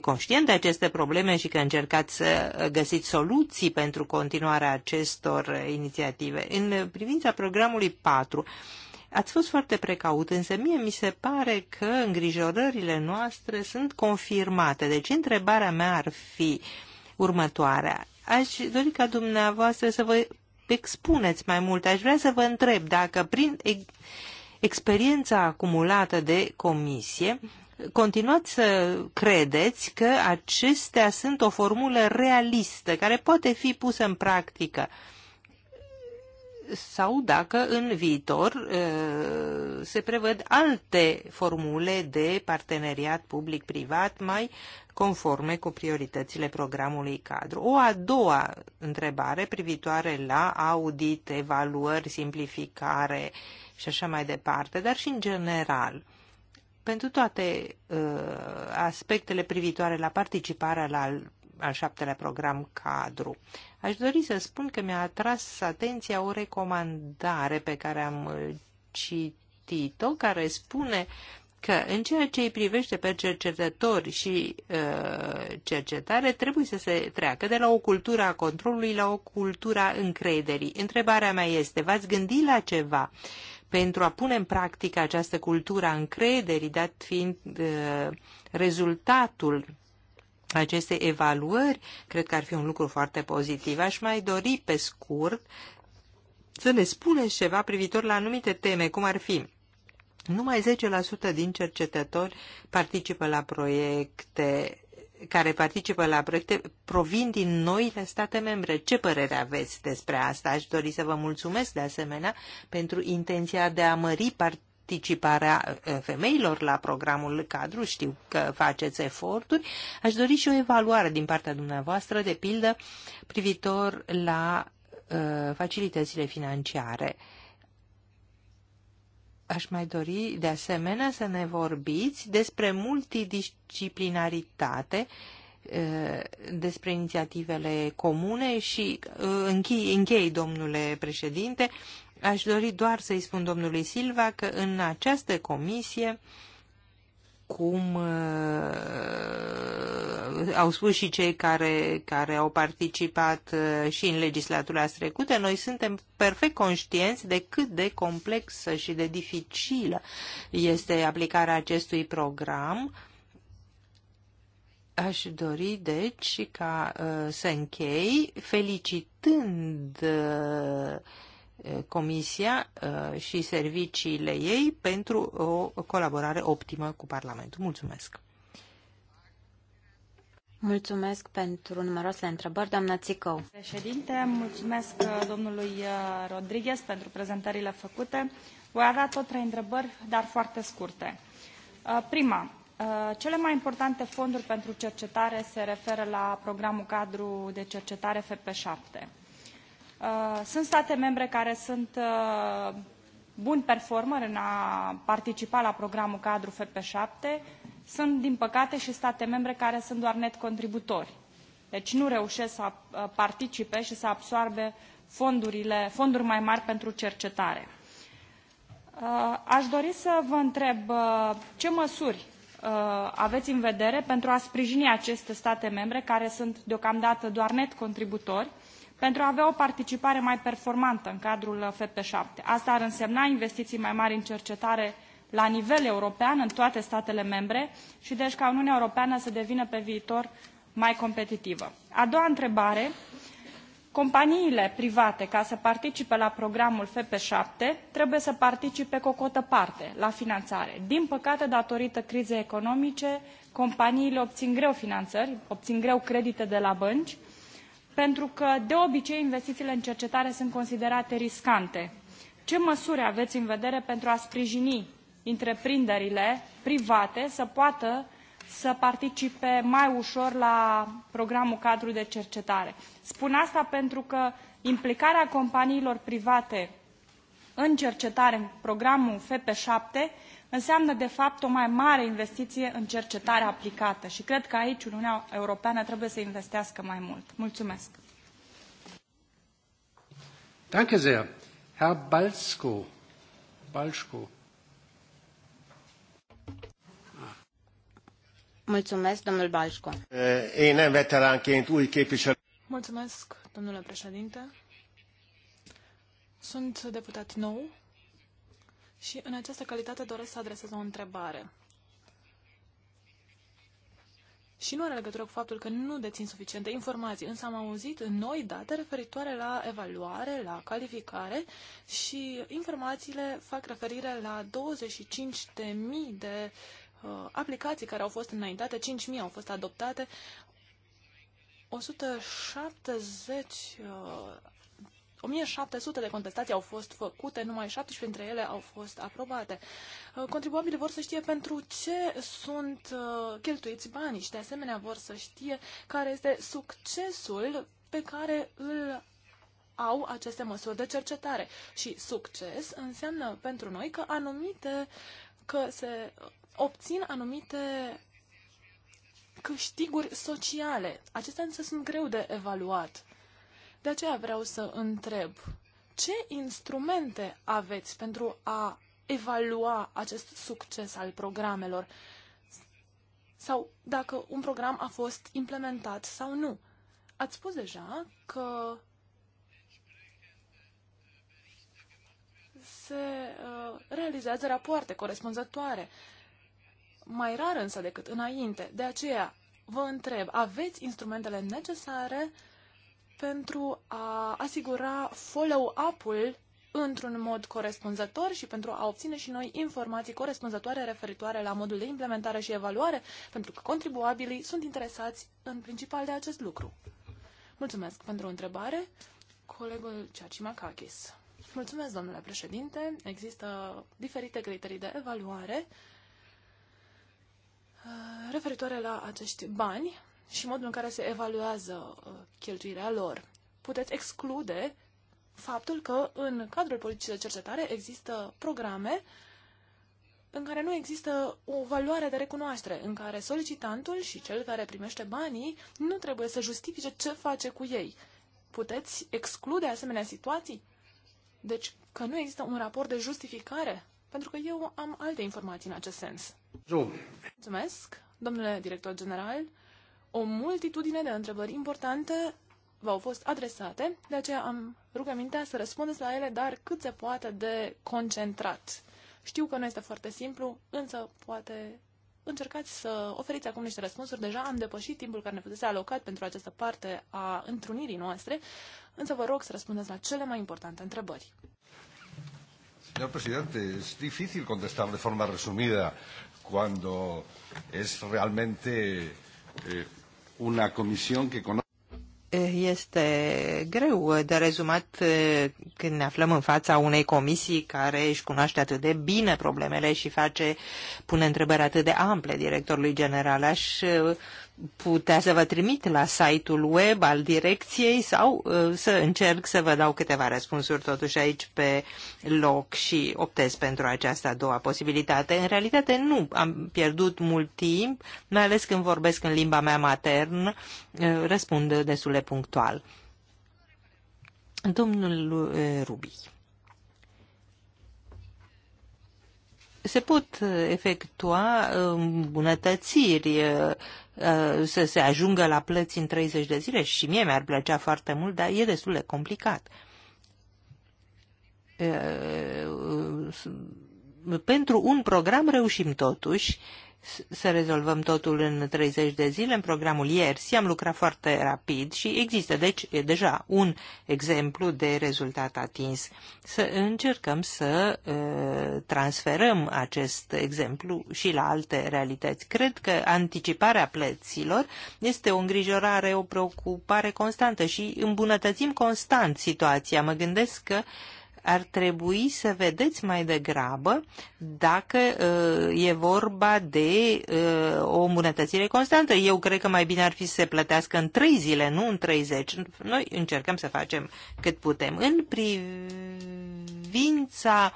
conștient de aceste probleme și că încercați să găsiți soluții pentru continuarea acestor Uh, inițiative. În uh, privința programului 4, Ați fost foarte precaut, însă mie mi se pare că îngrijorările noastre sunt confirmate. Deci întrebarea mea ar fi următoarea. Aș dori ca dumneavoastră să vă expuneți mai mult. Aș vrea să vă întreb dacă prin experiența acumulată de comisie continuați să credeți că acestea sunt o formulă realistă care poate fi pusă în practică sau dacă în viitor uh, se prevăd alte formule de parteneriat public-privat mai conforme cu prioritățile programului cadru. O a doua întrebare privitoare la audit, evaluări, simplificare și așa mai departe, dar și în general pentru toate uh, aspectele privitoare la participarea la al șaptelea program cadru. Aș dori să spun că mi-a atras atenția o recomandare pe care am citit-o, care spune că în ceea ce îi privește pe cercetători și uh, cercetare, trebuie să se treacă de la o cultură a controlului la o cultură a încrederii. Întrebarea mea este, v-ați gândit la ceva pentru a pune în practică această cultură a încrederii, dat fiind uh, rezultatul aceste evaluări, cred că ar fi un lucru foarte pozitiv. Aș mai dori pe scurt să ne spuneți ceva privitor la anumite teme, cum ar fi numai 10% din cercetători participă la proiecte care participă la proiecte provin din noile state membre. Ce părere aveți despre asta? Aș dori să vă mulțumesc de asemenea pentru intenția de a mări part participarea uh, femeilor la programul cadru, știu că faceți eforturi. Aș dori și o evaluare din partea dumneavoastră, de pildă, privitor la uh, facilitățile financiare. Aș mai dori, de asemenea, să ne vorbiți despre multidisciplinaritate uh, despre inițiativele comune și uh, închei, închei, domnule președinte, Aș dori doar să-i spun domnului Silva că în această comisie cum uh, au spus și cei care, care au participat uh, și în legislatura trecută, noi suntem perfect conștienți de cât de complexă și de dificilă este aplicarea acestui program. Aș dori, deci, ca uh, să închei felicitând uh, Comisia uh, și serviciile ei pentru o colaborare optimă cu Parlamentul. Mulțumesc! Mulțumesc pentru numeroasele întrebări, doamna Țicău. Președinte, mulțumesc uh, domnului uh, Rodriguez pentru prezentările făcute. Voi avea tot trei întrebări, dar foarte scurte. Prima, cele mai importante fonduri pentru cercetare se referă la programul cadru de cercetare FP7. Uh, sunt state membre care sunt uh, buni performer în a participa la programul cadru FP7, sunt, din păcate, și state membre care sunt doar net contributori. Deci nu reușesc să uh, participe și să absoarbă fondurile, fonduri mai mari pentru cercetare. Aș dori să vă întreb ce măsuri aveți în vedere pentru a sprijini aceste state membre care sunt deocamdată doar net contributori pentru a avea o participare mai performantă în cadrul uh, FP7. Asta ar însemna investiții mai mari în cercetare la nivel european în toate statele membre și deci ca Uniunea Europeană să devină pe viitor mai competitivă. A doua întrebare, companiile private ca să participe la programul FP7 trebuie să participe cu o cotă parte la finanțare. Din păcate, datorită crizei economice, companiile obțin greu finanțări, obțin greu credite de la bănci pentru că de obicei investițiile în cercetare sunt considerate riscante. Ce măsuri aveți în vedere pentru a sprijini întreprinderile private să poată să participe mai ușor la programul cadru de cercetare? Spun asta pentru că implicarea companiilor private în cercetare în programul FP7 înseamnă de fapt o mai mare investiție în cercetare aplicată și cred că aici Uniunea Europeană trebuie să investească mai mult. Mulțumesc! Danke sehr. Herr Balsko. Balsko. Mulțumesc, domnul Balșco. Eh, én nem veteránként új képviselő. Mulțumesc, domnule președinte. Sunt deputat nou și în această calitate doresc să adresez o întrebare. Și nu are legătură cu faptul că nu dețin suficiente informații, însă am auzit noi date referitoare la evaluare, la calificare și informațiile fac referire la 25.000 de uh, aplicații care au fost înaintate, 5.000 au fost adoptate, 170 uh, 1700 de contestații au fost făcute, numai 17 dintre ele au fost aprobate. Uh, contribuabilii vor să știe pentru ce sunt uh, cheltuiți banii și de asemenea vor să știe care este succesul pe care îl au aceste măsuri de cercetare. Și succes înseamnă pentru noi că anumite că se obțin anumite câștiguri sociale. Acestea însă sunt greu de evaluat. De aceea vreau să întreb, ce instrumente aveți pentru a evalua acest succes al programelor? Sau dacă un program a fost implementat sau nu? Ați spus deja că se uh, realizează rapoarte corespunzătoare, mai rar însă decât înainte. De aceea vă întreb, aveți instrumentele necesare uh, pentru a asigura follow-up-ul într-un mod corespunzător și pentru a obține și noi informații corespunzătoare referitoare la modul de implementare și evaluare, pentru că contribuabilii sunt interesați în principal de acest lucru. Mulțumesc pentru o întrebare, colegul Ceaci Macakis. Mulțumesc, domnule președinte. Există diferite criterii de evaluare uh, referitoare la acești bani și modul în care se evaluează uh, cheltuirea lor. Puteți exclude faptul că în cadrul politicii de cercetare există programe în care nu există o valoare de recunoaștere, în care solicitantul și cel care primește banii nu trebuie să justifice ce face cu ei. Puteți exclude asemenea situații? Deci că nu există un raport de justificare? Pentru că eu am alte informații în acest sens. Mulțumesc, domnule director general o multitudine de întrebări importante v-au fost adresate, de aceea am rugămintea să răspundeți la ele, dar cât se poate de concentrat. Știu că nu este foarte simplu, însă poate încercați să oferiți acum niște răspunsuri. Deja am depășit timpul care ne fusese alocat pentru această parte a întrunirii noastre, însă vă rog să răspundeți la cele mai importante întrebări. Señor presidente, es difícil contestar de forma resumida cuando es realmente eh, una comisión que conoce este greu de rezumat eh, când ne aflăm în fața unei comisii care își cunoaște atât de bine problemele și face, pune întrebări atât de ample directorului general. Aș putea să vă trimit la site-ul web al direcției sau uh, să încerc să vă dau câteva răspunsuri totuși aici pe loc și optez pentru această a doua posibilitate. În realitate nu am pierdut mult timp, mai ales când vorbesc în limba mea maternă, uh, răspund destul de punctual. Domnul uh, Rubi. Se pot efectua îmbunătățiri Uh, să se ajungă la plăți în 30 de zile și mie mi-ar plăcea foarte mult, dar e destul de complicat. Uh, uh, pentru un program reușim totuși să rezolvăm totul în 30 de zile. În programul IERSI am lucrat foarte rapid și există, deci, e deja un exemplu de rezultat atins. Să încercăm să uh, transferăm acest exemplu și la alte realități. Cred că anticiparea plăților este o îngrijorare, o preocupare constantă și îmbunătățim constant situația. Mă gândesc că uh, ar trebui să vedeți mai degrabă dacă uh, e vorba de uh, o îmbunătățire constantă. Eu cred că mai bine ar fi să se plătească în 3 zile, nu în 30. Noi încercăm să facem cât putem. În privința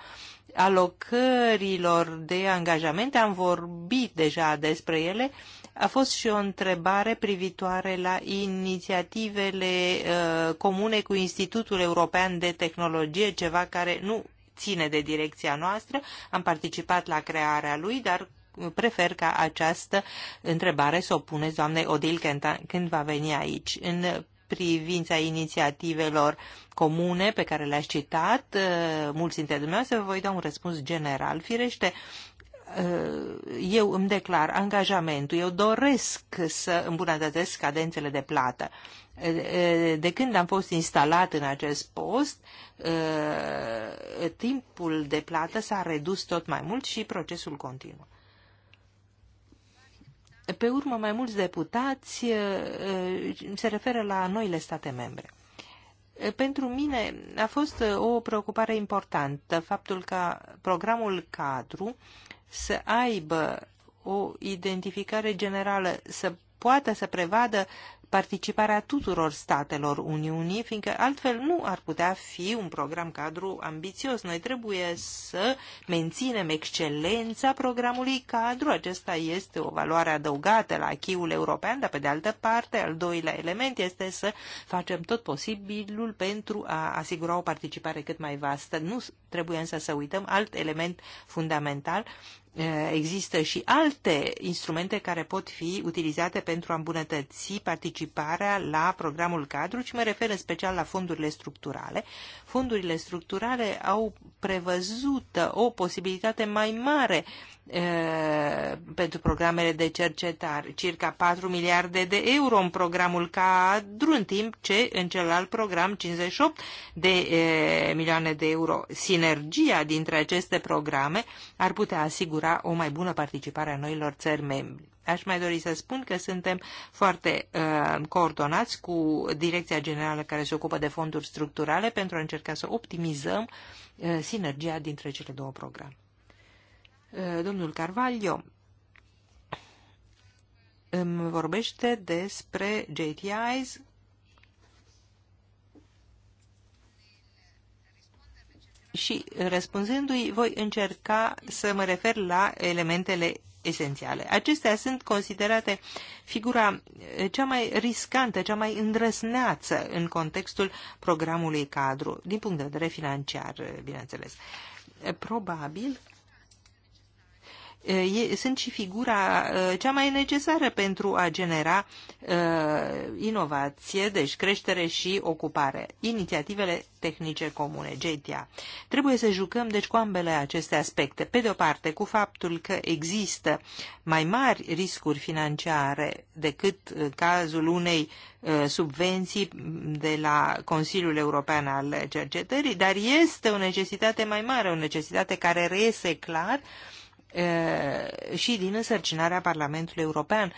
alocărilor de angajamente, am vorbit deja despre ele, uh, a fost și o întrebare privitoare la inițiativele uh, comune cu Institutul European de Tehnologie, ceva care nu ține de direcția noastră. Am participat la crearea lui, dar prefer ca această întrebare să o puneți doamnei Odil când va veni aici. În privința inițiativelor comune pe care le-aș citat, uh, mulți dintre dumneavoastră vă voi da un răspuns general. Firește, Eh, eu îmi declar angajamentul, eu doresc să îmbunătățesc cadențele de plată. Eh, eh, de când am fost instalat în acest post, timpul de plată s-a redus tot mai mult și procesul continuă. Pe urmă, mai mulți deputați se referă la noile state membre. Pentru mine a fost o preocupare importantă faptul că programul cadru să aibă o identificare generală, să poată să prevadă participarea tuturor statelor Uniunii, fiindcă altfel nu ar putea fi un program cadru ambițios. Noi trebuie să menținem excelența programului cadru. Acesta este o valoare adăugată la chiul european, dar pe de altă parte, al doilea element este să facem tot posibilul pentru a asigura o participare cât mai vastă. Nu trebuie însă să uităm alt element fundamental există și alte instrumente care pot fi utilizate pentru a îmbunătăți participarea la programul cadru și mă refer în special la fondurile structurale. Fondurile structurale au prevăzut o posibilitate mai mare e, pentru programele de cercetare, circa 4 miliarde de euro în programul cadru, în timp ce în celălalt program 58 de e, milioane de euro. Sinergia dintre aceste programe ar putea asigura asigura o mai bună participare a noilor țări membri. Aș mai dori să spun că suntem foarte uh, coordonați cu Direcția Generală care se ocupă de fonduri structurale pentru a încerca să optimizăm uh, sinergia dintre cele două programe. Uh, domnul Carvalho îmi vorbește despre JTIs și răspunzându-i voi încerca să mă refer la elementele esențiale. Acestea sunt considerate figura eh, cea mai riscantă, cea mai îndrăsneață în contextul programului cadru, din punct de vedere financiar, eh, bineînțeles. Eh, probabil sunt și figura cea mai necesară pentru a genera inovație, deci creștere și ocupare. Inițiativele tehnice comune, GTA. Trebuie să jucăm deci cu ambele aceste aspecte. Pe de o parte, cu faptul că există mai mari riscuri financiare decât cazul unei subvenții de la Consiliul European al Cercetării, dar este o necesitate mai mare, o necesitate care reiese clar uh, și din însărcinarea Parlamentului European,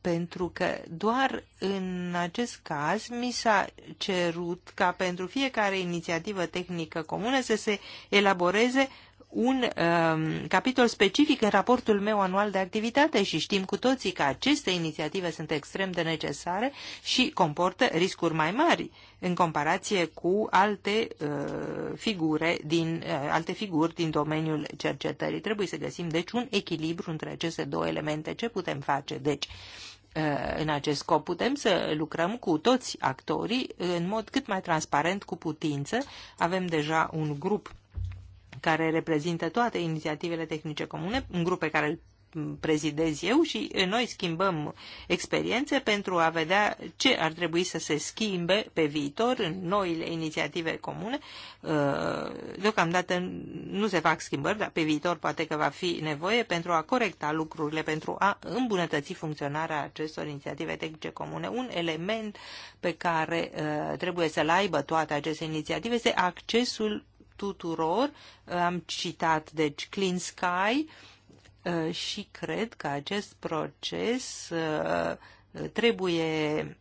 pentru că doar în acest caz mi s-a cerut ca pentru fiecare inițiativă tehnică comună să se elaboreze un um, capitol specific în raportul meu anual de activitate și știm cu toții că aceste inițiative sunt extrem de necesare și comportă riscuri mai mari în comparație cu alte uh, figure din uh, alte figuri din domeniul cercetării. Trebuie să găsim deci un echilibru între aceste două elemente. Ce putem face deci? Uh, în acest scop. Putem să lucrăm cu toți actorii în mod cât mai transparent cu putință. Avem deja un grup care reprezintă toate inițiativele tehnice comune, un grup pe care îl prezidez eu și noi schimbăm experiențe pentru a vedea ce ar trebui să se schimbe pe viitor în noile inițiative comune. Uh, deocamdată nu se fac schimbări, dar pe viitor poate că va fi nevoie pentru a corecta lucrurile, pentru a îmbunătăți funcționarea acestor inițiative tehnice comune. Un element pe care uh, trebuie să-l aibă toate aceste inițiative este accesul tuturor. Am citat, deci, Clean Sky uh, și cred că acest proces uh, trebuie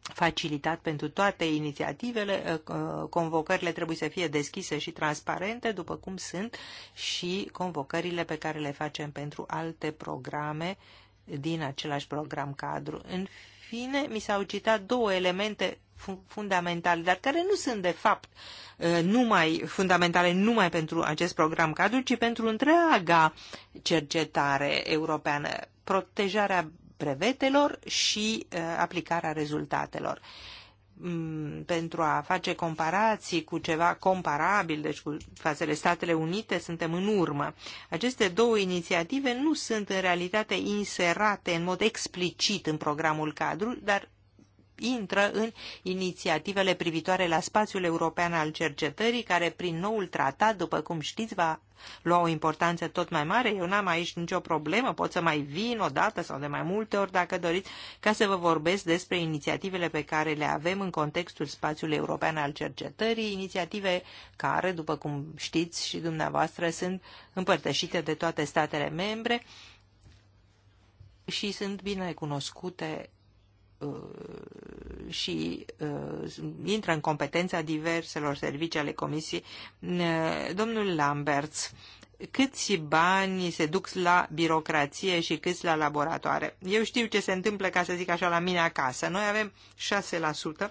facilitat pentru toate inițiativele, uh, convocările trebuie să fie deschise și transparente, după cum sunt și convocările pe care le facem pentru alte programe din același program cadru. În fine, mi s-au citat două elemente fundamentale, dar care nu sunt de fapt uh, numai fundamentale numai pentru acest program cadru, ci pentru întreaga cercetare europeană, protejarea brevetelor și uh, aplicarea rezultatelor mm, pentru a face comparații cu ceva comparabil, deci cu față Statele Unite, suntem în urmă. Aceste două inițiative nu sunt în realitate inserate în mod explicit în programul cadru, dar intră în inițiativele privitoare la spațiul european al cercetării, care prin noul tratat, după cum știți, va lua o importanță tot mai mare. Eu n-am aici nicio problemă, pot să mai vin o dată sau de mai multe ori dacă doriți, ca să vă vorbesc despre inițiativele pe care le avem în contextul spațiului european al cercetării, inițiative care, după cum știți și dumneavoastră, sunt împărtășite de toate statele membre și sunt bine cunoscute Uh, și uh, intră în competența diverselor servicii ale Comisiei. Uh, domnul Lamberts, câți bani se duc la birocrație și câți la laboratoare? Eu știu ce se întâmplă, ca să zic așa, la mine acasă. Noi avem 6%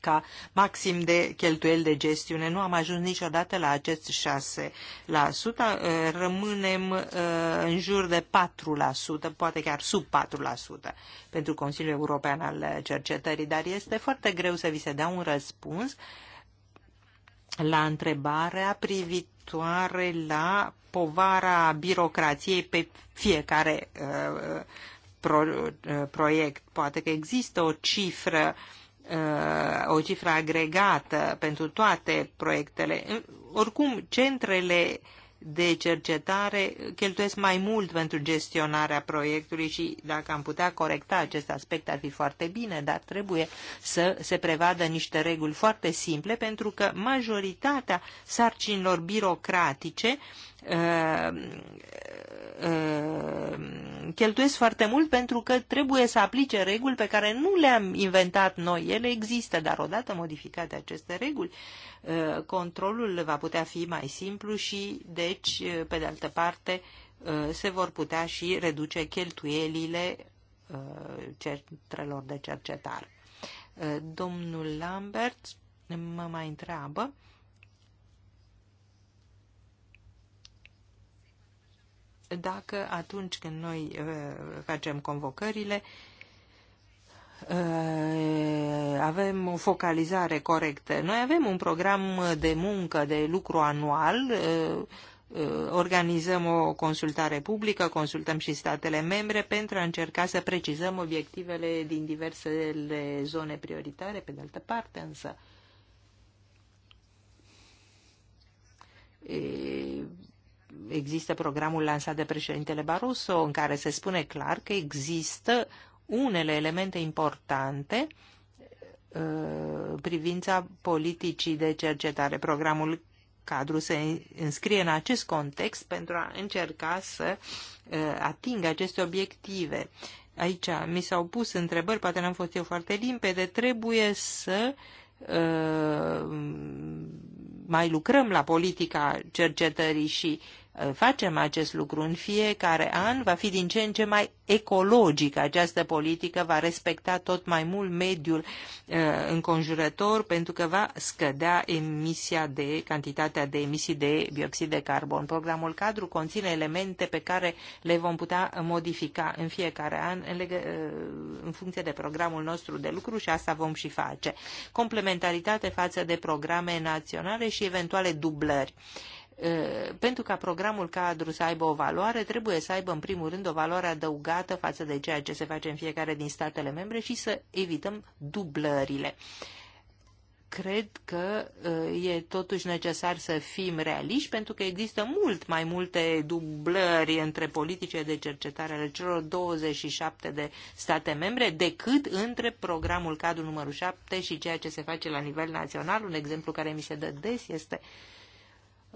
ca maxim de cheltuieli de gestiune. Nu am ajuns niciodată la acest 6%. Eh, rămânem eh, în jur de 4%, poate chiar sub 4% pentru Consiliul European al Cercetării, dar este foarte greu să vi se dea un răspuns la întrebarea privitoare la povara birocrației pe fiecare uh, pro, uh, proiect. Poate că există o cifră uh, Uh, o cifră agregată pentru toate proiectele. Oricum, centrele de cercetare cheltuiesc mai mult pentru gestionarea proiectului și dacă am putea corecta acest aspect ar fi foarte bine, dar trebuie să se prevadă niște reguli foarte simple pentru că majoritatea sarcinilor birocratice uh, uh, cheltuiesc foarte mult pentru că trebuie să aplice reguli pe care nu le-am inventat noi. Ele există, dar odată modificate aceste reguli, uh, controlul va putea fi mai simplu și, deci, uh, pe de altă parte, uh, se vor putea și reduce cheltuielile centrelor de cercetare. Domnul Lambert mă mai întreabă dacă atunci când noi uh, facem convocările uh, avem o focalizare corectă. Noi avem un program de muncă, de lucru anual, uh, organizăm o consultare publică, consultăm și statele membre pentru a încerca să precizăm obiectivele din diversele zone prioritare, pe de altă parte însă există programul lansat de președintele Barroso, în care se spune clar că există unele elemente importante uh, privința politicii de cercetare. Programul cadru se înscrie în acest context pentru a încerca să uh, atingă aceste obiective. Aici mi s-au pus întrebări, poate n-am fost eu foarte limpede, trebuie să uh, mai lucrăm la politica cercetării și facem acest lucru în fiecare an, va fi din ce în ce mai ecologic. Această politică va respecta tot mai mult mediul uh, înconjurător pentru că va scădea emisia de, cantitatea de emisii de bioxid de carbon. Programul cadru conține elemente pe care le vom putea modifica în fiecare an în, legă, uh, în funcție de programul nostru de lucru și asta vom și face. Complementaritate față de programe naționale și eventuale dublări. Uh, pentru ca programul cadru să aibă o valoare, trebuie să aibă în primul rând o valoare adăugată față de ceea ce se face în fiecare din statele membre și să evităm dublările cred că e totuși necesar să fim realiști pentru că există mult mai multe dublări între politicile de cercetare ale celor 27 de state membre decât între programul cadru numărul 7 și ceea ce se face la nivel național. Un exemplu care mi se dă des este uh,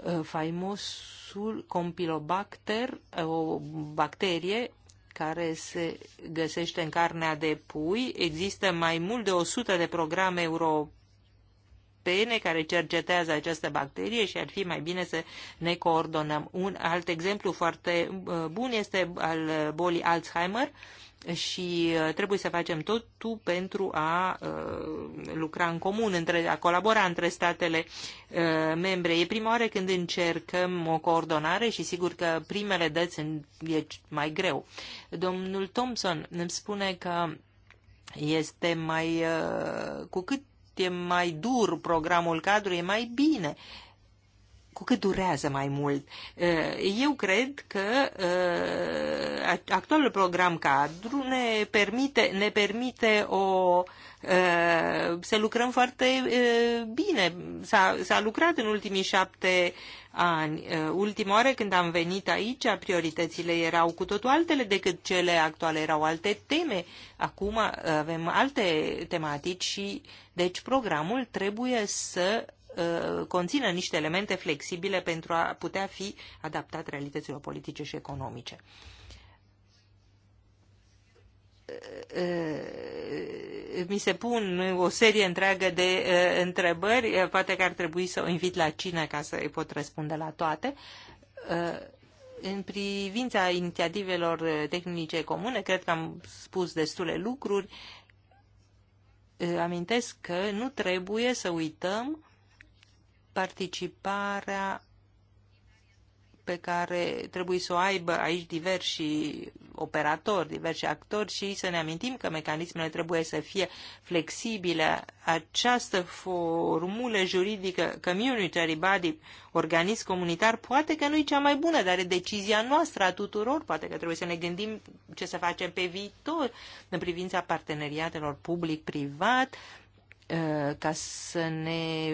Uh, faimosul compilobacter, uh, o bacterie care se găsește în carnea de pui. Există mai mult de 100 de programe europene care cercetează această bacterie și ar fi mai bine să ne coordonăm. Un alt exemplu foarte uh, bun este al bolii Alzheimer, și uh, trebuie să facem totul pentru a uh, lucra în comun, între, a colabora între statele uh, membre. E prima oară când încercăm o coordonare și sigur că primele dăți e mai greu. Domnul Thompson îmi spune că este mai, cu cât e mai dur programul cadru, e mai bine cu cât durează mai mult. Eh, eu cred că eh, actualul program cadru ne permite, ne permite o, eh, să lucrăm foarte bine. S-a, lucrat în ultimii șapte ani. Ultima oară când am venit aici, prioritățile erau cu totul altele decât cele actuale, erau alte teme. Acum avem alte tematici și deci programul trebuie să Uh, conțină niște elemente flexibile pentru a putea fi adaptat realităților politice și economice uh, mi se pun o serie întreagă de uh, întrebări, poate că ar trebui să o invit la cine ca să îi pot răspunde la toate. În privința inițiativelor tehnice comune, cred că am spus destule lucruri. Amintesc că nu trebuie să uităm participarea pe care trebuie să o aibă aici diversi operatori, diversi actori și să ne amintim că mecanismele trebuie să fie flexibile. Această formulă juridică, community body, organism comunitar, poate că nu e cea mai bună, dar e decizia noastră a tuturor. Poate că trebuie să ne gândim ce să facem pe viitor în privința parteneriatelor public-privat, ă, ca să ne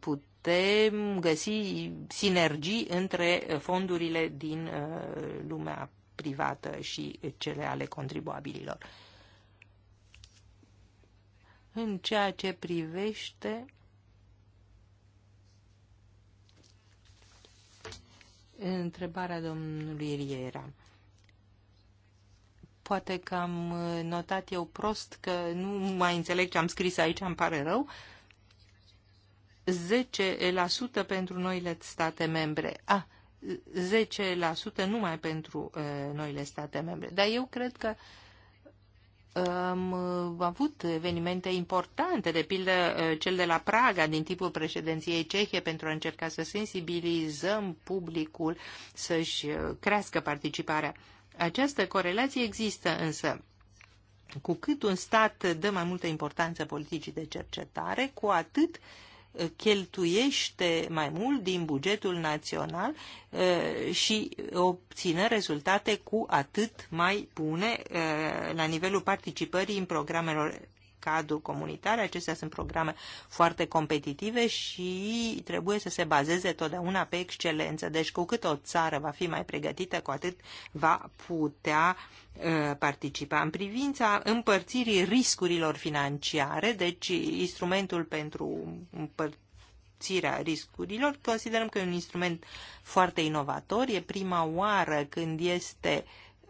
putem putem găsi sinergii între fondurile din uh, lumea privată și cele ale contribuabililor. În ceea ce privește întrebarea domnului Riera. Poate că am uh, notat eu prost că nu mai înțeleg ce am scris aici, îmi pare rău. Uh, 10% pentru noile state membre. A, 10% numai pentru uh, noile state membre. Dar eu cred că am avut evenimente importante, de pildă cel de la Praga din tipul președinției cehe pentru a încerca să sensibilizăm publicul să-și crească participarea. Această corelație există însă. Cu cât un stat dă mai multă importanță politicii de cercetare, cu atât uh, cheltuiește mai mult din bugetul național uh, și obține rezultate cu atât mai bune uh, la nivelul participării în programelor cadrul comunitar. Acestea sunt programe foarte competitive și trebuie să se bazeze totdeauna pe excelență. Deci cu cât o țară va fi mai pregătită, cu atât va putea uh, participa. În privința împărțirii riscurilor financiare, deci instrumentul pentru împărțirea împărțirea riscurilor. Considerăm că e un instrument foarte inovator. E prima oară când este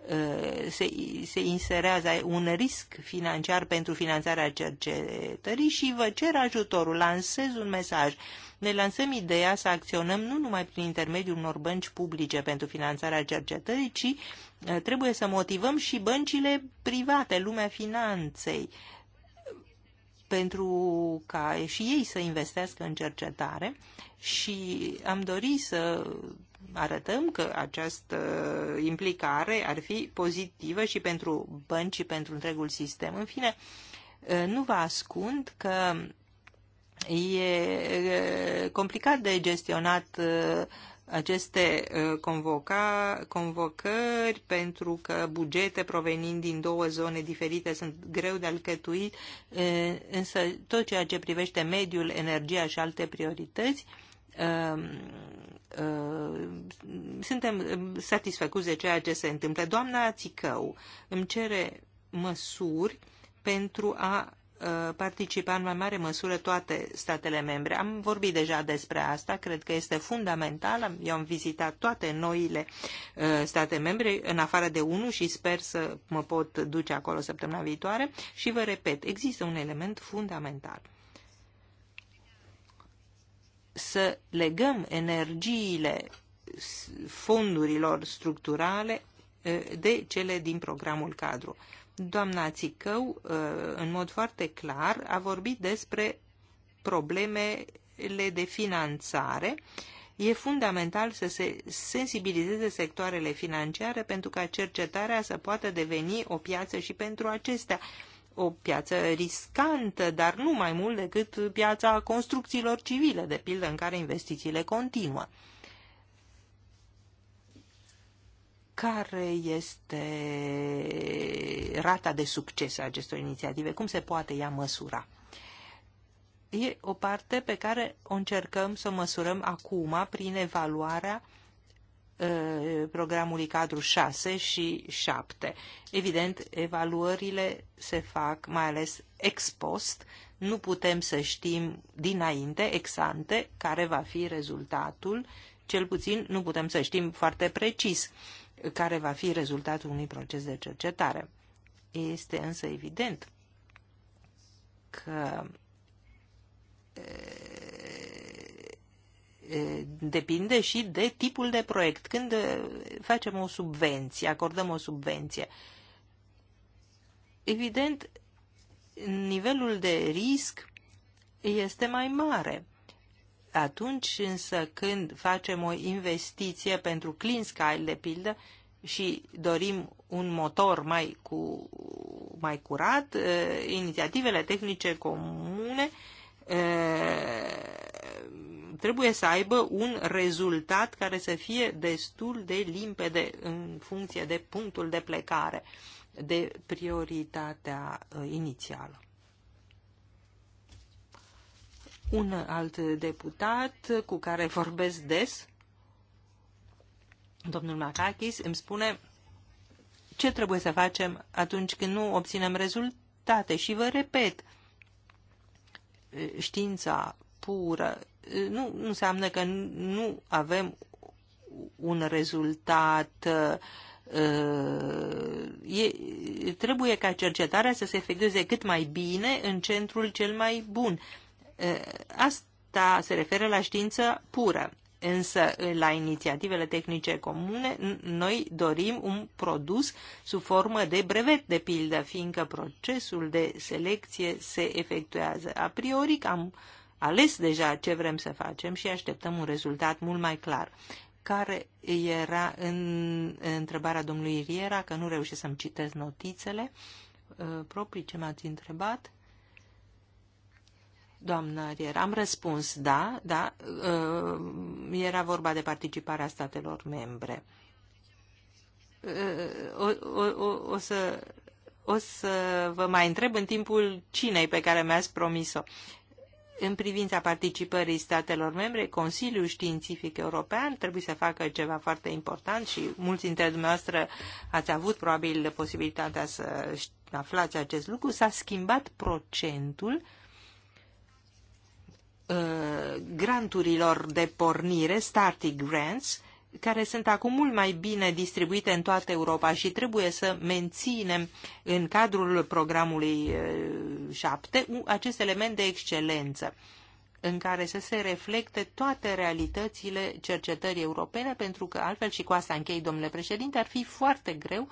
Uh, se, se inserează un risc financiar pentru finanțarea cercetării și vă cer ajutorul, lansez un mesaj. Ne lansăm ideea să acționăm nu numai prin intermediul unor bănci publice pentru finanțarea cercetării, ci uh, trebuie să motivăm și băncile private, lumea finanței, pentru ca și ei să investească în cercetare și am dorit să arătăm că această implicare ar fi pozitivă și pentru bănci și pentru întregul sistem. În fine, ă, nu vă ascund că e complicat de gestionat ă, aceste ă, convoca, convocări pentru că bugete provenind din două zone diferite sunt greu de alcătuit, însă tot ceea ce privește mediul, energia și alte priorități Uh, suntem um, satisfăcuți de ceea ce se întâmplă. Doamna Țicău îmi cere măsuri pentru a uh, participa în mai mare măsură toate statele membre. Am vorbit deja despre asta, cred că este fundamental. Eu am vizitat toate noile uh, state membre, în afară de unul și sper să mă pot duce acolo săptămâna viitoare. Și vă repet, există un element fundamental să legăm energiile fondurilor structurale de cele din programul cadru. Doamna Țicău, în mod foarte clar, a vorbit despre problemele de finanțare. E fundamental să se sensibilizeze sectoarele financiare pentru ca cercetarea să poată deveni o piață și pentru acestea o piață riscantă, dar nu mai mult decât piața construcțiilor civile, de pildă în care investițiile continuă. Care este rata de succes a acestor inițiative? Cum se poate ea măsura? E o parte pe care o încercăm să măsurăm acum prin evaluarea uh, Uh, programului cadru 6 și 7. Evident, evaluările se fac mai ales ex post, nu putem să știm dinainte, ex ante, care va fi rezultatul, cel puțin nu putem să știm foarte precis care va fi rezultatul unui proces de cercetare. Este însă evident că uh, Eh, depinde și de tipul de proiect. Când eh, facem o subvenție, acordăm o subvenție, evident, nivelul de risc este mai mare. Atunci însă când facem o investiție pentru Clean Sky, de pildă, și dorim un motor mai, cu, mai curat, eh, inițiativele tehnice comune trebuie să aibă un rezultat care să fie destul de limpede în funcție de punctul de plecare, de prioritatea uh, inițială. Un alt deputat cu care vorbesc des, domnul Macachis, îmi spune ce trebuie să facem atunci când nu obținem rezultate. Și vă repet, uh, știința pură nu, nu înseamnă că nu avem un rezultat uh, e, trebuie ca cercetarea să se efectueze cât mai bine în centrul cel mai bun. Uh, asta se referă la știință pură. Însă, la inițiativele tehnice comune, noi dorim un produs sub formă de brevet, de pildă, fiindcă procesul de selecție se efectuează a priori, cam ales deja ce vrem să facem și așteptăm un rezultat mult mai clar. Care era în întrebarea domnului Riera, că nu reușesc să-mi citesc notițele uh, proprii ce m-ați întrebat? Doamna Riera, am răspuns da, da, uh, era vorba de participarea statelor membre. Uh, o, o, o, o să o să vă mai întreb în timpul cinei pe care mi-ați promis-o în privința participării statelor membre, Consiliul Științific European trebuie să facă ceva foarte important și mulți dintre dumneavoastră ați avut probabil posibilitatea să aflați acest lucru. S-a schimbat procentul uh, granturilor de pornire, starting grants, care sunt acum mult mai bine distribuite în toată Europa și trebuie să menținem în cadrul programului 7 acest element de excelență în care să se reflecte toate realitățile cercetării europene, pentru că altfel și cu asta închei, domnule președinte, ar fi foarte greu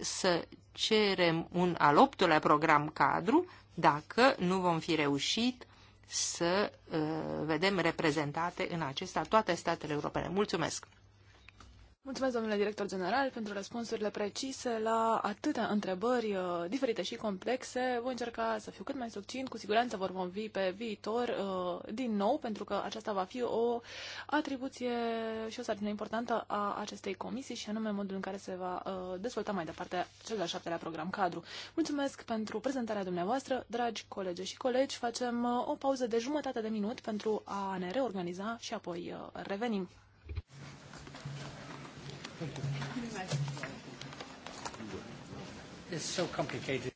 să cerem un al optulea program cadru dacă nu vom fi reușit să uh, vedem reprezentate în acesta toate statele europene. Mulțumesc! Mulțumesc, domnule director general, pentru răspunsurile precise la atâtea întrebări uh, diferite și complexe. Voi încerca să fiu cât mai succint. Cu siguranță vor vorbi pe viitor uh, din nou, pentru că aceasta va fi o atribuție și o sarcină importantă a acestei comisii și anume modul în care se va uh, dezvolta mai departe cel de-al șaptelea program cadru. Mulțumesc pentru prezentarea dumneavoastră, dragi colegi și colegi. Facem o pauză de jumătate de minut pentru a ne reorganiza și apoi revenim. It's so complicated.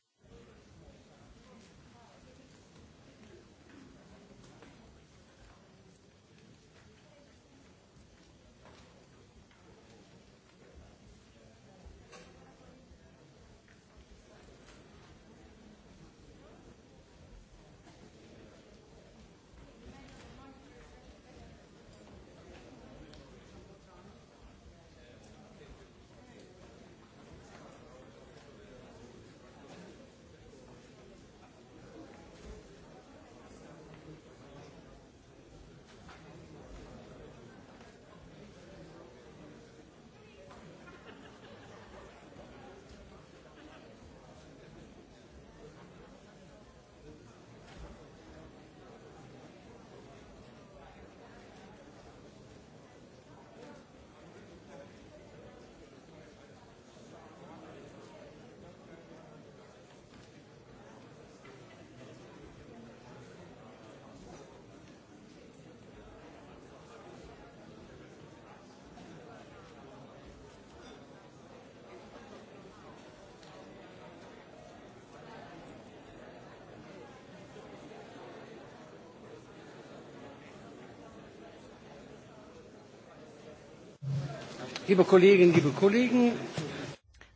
Liebe Kolleginnen, liebe Kollegen.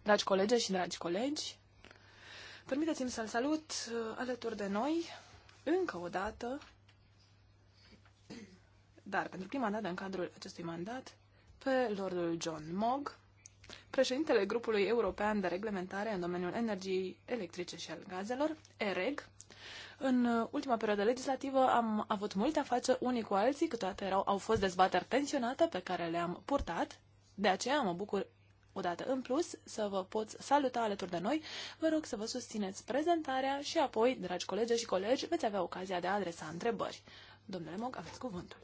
Dragi colege și dragi colegi, permiteți-mi să-l salut uh, alături de noi încă o dată, dar pentru prima dată în cadrul acestui mandat, pe Lordul John Mogg, președintele grupului european de reglementare în domeniul energiei electrice și al gazelor, EREG. În uh, ultima perioadă legislativă am avut multe a face unii cu alții, câteodată erau, au fost dezbateri tensionate pe care le-am purtat, de aceea mă bucur odată în plus să vă pot saluta alături de noi. Vă rog să vă susțineți prezentarea și apoi, dragi colegi și colegi, veți avea ocazia de a adresa întrebări. Domnule Mog, aveți cuvântul.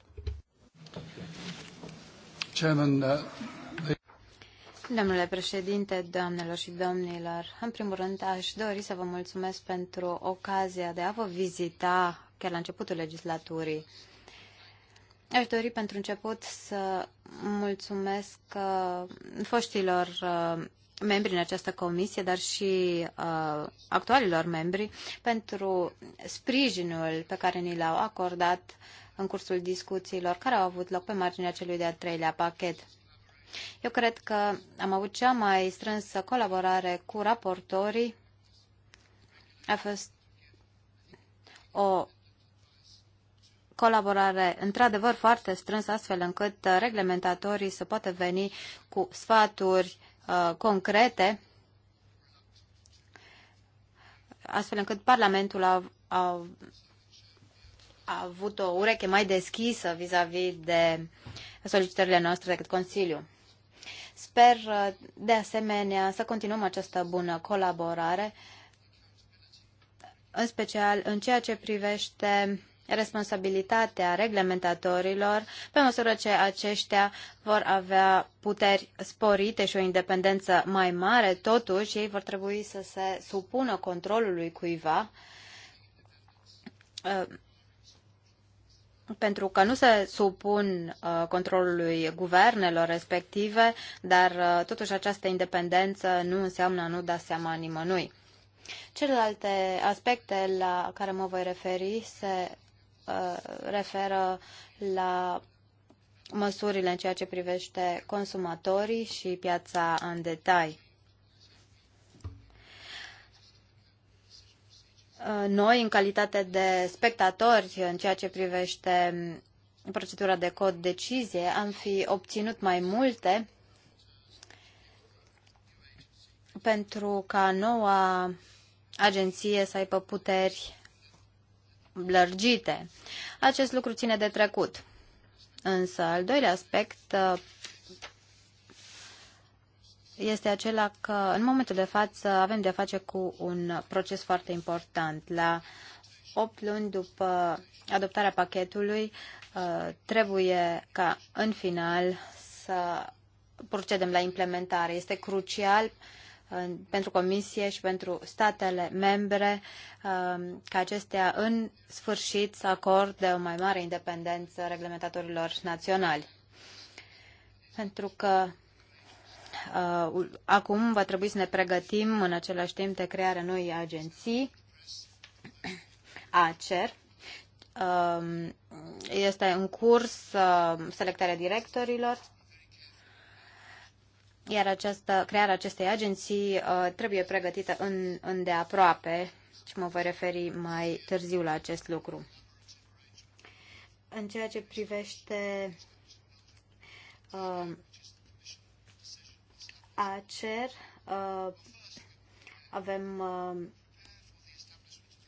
Chairman, uh... Domnule președinte, doamnelor și domnilor, în primul rând aș dori să vă mulțumesc pentru ocazia de a vă vizita chiar la începutul legislaturii. Aș dori pentru început să mulțumesc uh, foștilor uh, membri în această comisie, dar și uh, actualilor membri, pentru sprijinul pe care ni l-au acordat în cursul discuțiilor care au avut loc pe marginea celui de-al treilea pachet. Eu cred că am avut cea mai strânsă colaborare cu raportorii. A fost o colaborare într-adevăr foarte strânsă, astfel încât uh, reglementatorii să poată veni cu sfaturi uh, concrete, astfel încât Parlamentul a, a, a avut o ureche mai deschisă vis-a-vis -vis de solicitările noastre decât Consiliu. Sper, uh, de asemenea, să continuăm această bună colaborare, în special în ceea ce privește responsabilitatea reglementatorilor pe măsură ce aceștia vor avea puteri sporite și o independență mai mare, totuși ei vor trebui să se supună controlului cuiva uh, pentru că nu se supun uh, controlului guvernelor respective, dar uh, totuși această independență nu înseamnă a nu da seama nimănui. Celelalte aspecte la care mă voi referi se Uh, referă la măsurile în ceea ce privește consumatorii și piața în detai. Uh, noi, în calitate de spectatori în ceea ce privește procedura de cod decizie, am fi obținut mai multe pentru ca noua agenție să aibă puteri lărgite. Acest lucru ține de trecut. Însă, al doilea aspect uh, este acela că în momentul de față avem de face cu un proces foarte important. La 8 luni după adoptarea pachetului uh, trebuie ca în final să procedem la implementare. Este crucial uh, pentru Comisie și pentru statele membre um, ca acestea în sfârșit să acorde o mai mare independență reglementatorilor naționali. Pentru că uh, acum va trebui să ne pregătim în același timp de crearea noii agenții ACER. Um, este în curs uh, selectarea directorilor iar această, crearea acestei agenții uh, trebuie pregătită în, îndeaproape și mă voi referi mai târziu la acest lucru. În ceea ce privește uh, ACER, uh, avem uh,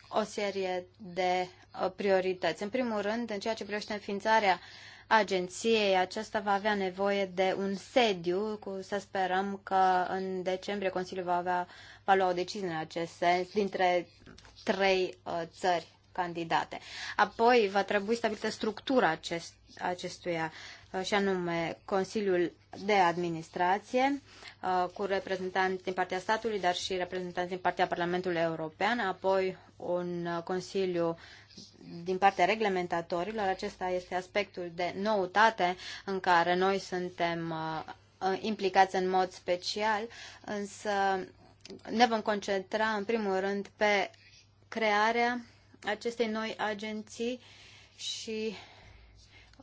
o serie de uh, priorități. În primul rând, în ceea ce privește înființarea uh, agenției. Aceasta va avea nevoie de un sediu, cu, să sperăm că în decembrie Consiliul va, avea, va lua o decizie în acest sens dintre trei uh, țări candidate. Apoi va trebui stabilită structura acest, acestuia uh, și anume Consiliul de Administrație uh, cu reprezentanți din partea statului, dar și reprezentanți din partea Parlamentului European, apoi un uh, Consiliu din partea reglementatorilor. Acesta este aspectul de noutate în care noi suntem uh, uh, implicați în mod special, însă ne vom concentra în primul rând pe crearea acestei noi agenții și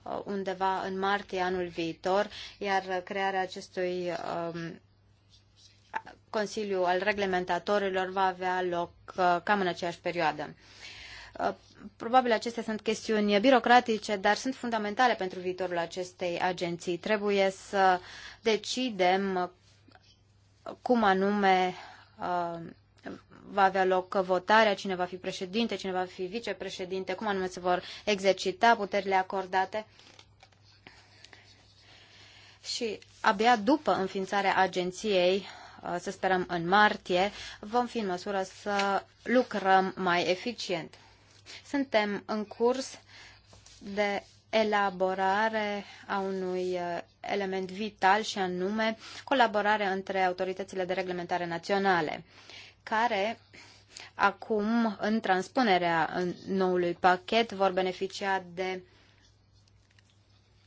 uh, undeva în martie anul viitor, iar crearea acestui um, Consiliu al reglementatorilor va avea loc uh, cam în aceeași perioadă. Uh, Probabil acestea sunt chestiuni birocratice, dar sunt fundamentale pentru viitorul acestei agenții. Trebuie să decidem cum anume uh, va avea loc votarea, cine va fi președinte, cine va fi vicepreședinte, cum anume se vor exercita puterile acordate. Și abia după înființarea agenției, uh, să sperăm în martie, vom fi în măsură să lucrăm mai eficient. Suntem în curs de elaborare a unui uh, element vital și anume colaborare între autoritățile de reglementare naționale, care acum, în transpunerea noului pachet, vor beneficia de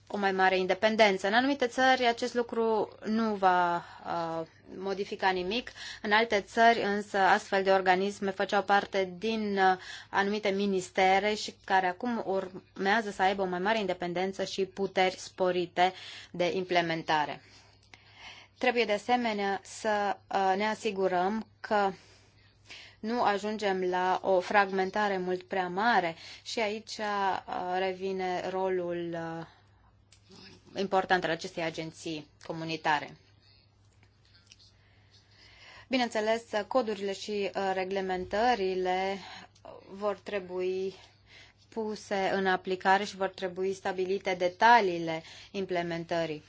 o mai mare independență. În anumite țări acest lucru nu va uh, modifica nimic. În alte țări însă astfel de organisme făceau parte din uh, anumite ministere și care acum urmează să aibă o mai mare independență și puteri sporite de implementare. Trebuie de asemenea să uh, ne asigurăm că nu ajungem la o fragmentare mult prea mare și aici uh, revine rolul uh, important al acestei agenții comunitare. Bineînțeles, codurile și uh, reglementările vor trebui puse în aplicare și vor trebui stabilite detaliile implementării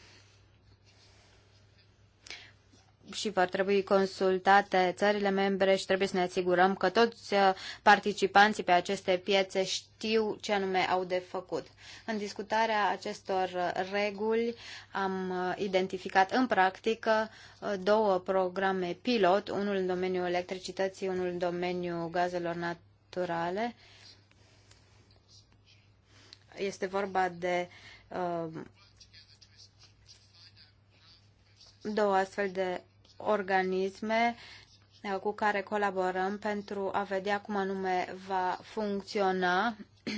și vor trebui consultate țările membre și trebuie să ne asigurăm că toți uh, participanții pe aceste piețe știu ce anume au de făcut. În discutarea acestor uh, reguli am uh, identificat în practică două programe pilot, unul în domeniul electricității, unul în domeniul gazelor naturale. Este vorba de uh, două astfel de organisme eh, cu care colaborăm pentru a vedea cum anume va funcționa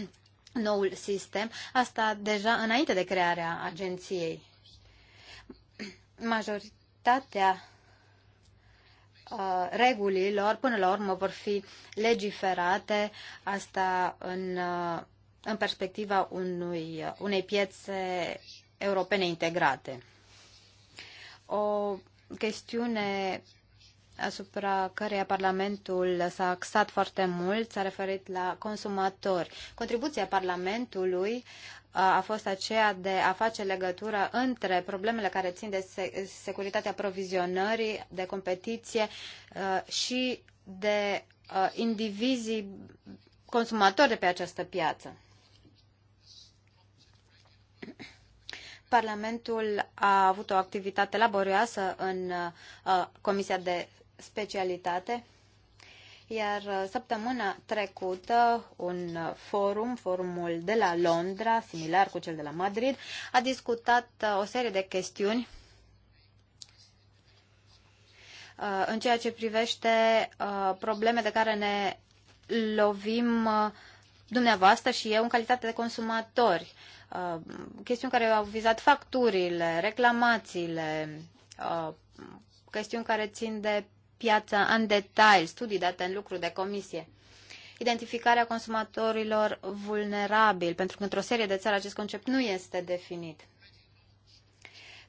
noul sistem, asta deja înainte de crearea agenției. Majoritatea uh, regulilor, până la urmă, vor fi legiferate, asta în, uh, în perspectiva unui, uh, unei piețe europene integrate. O chestiune asupra căreia Parlamentul s-a axat foarte mult, s-a referit la consumatori. Contribuția Parlamentului a fost aceea de a face legătura între problemele care țin de securitatea provizionării, de competiție și de indivizii consumatori de pe această piață. Parlamentul a avut o activitate laborioasă în uh, Comisia de Specialitate, iar uh, săptămâna trecută un uh, forum, forumul de la Londra, similar cu cel de la Madrid, a discutat o serie de chestiuni în ceea ce privește probleme de care ne lovim dumneavoastră și eu în calitate de consumatori. Uh, chestiuni care au vizat facturile, reclamațiile, uh, chestiuni care țin de piața în detail, studii date în lucru de comisie. Identificarea consumatorilor vulnerabili, pentru că într-o serie de țări acest concept nu este definit.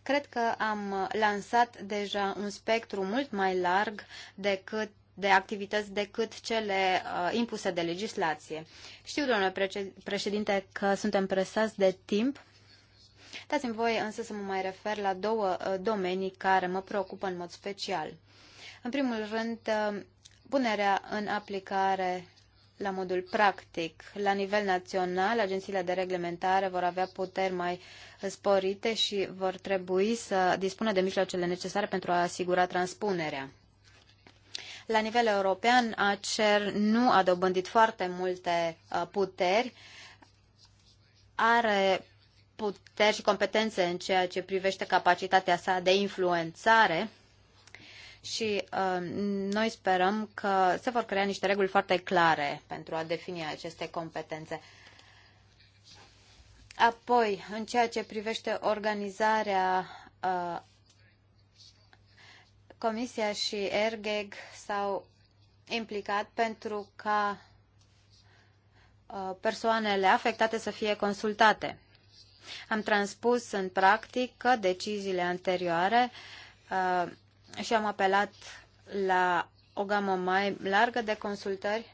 Cred că am lansat deja un spectru mult mai larg decât de activități decât cele uh, impuse de legislație. Știu, domnule președinte, că suntem presați de timp. Dați-mi voie însă să mă mai refer la două uh, domenii care mă preocupă în mod special. În primul rând, uh, punerea în aplicare la modul practic. La nivel național, agențiile de reglementare vor avea puteri mai sporite și vor trebui să dispună de mijloacele necesare pentru a asigura transpunerea la nivel european ACER nu a dobândit foarte multe uh, puteri, are puteri și competențe în ceea ce privește capacitatea sa de influențare și uh, noi sperăm că se vor crea niște reguli foarte clare pentru a defini aceste competențe. Apoi, în ceea ce privește organizarea uh, Comisia și ERGEG s-au implicat pentru ca uh, persoanele afectate să fie consultate. Am transpus în practică deciziile anterioare uh, și am apelat la o gamă mai largă de consultări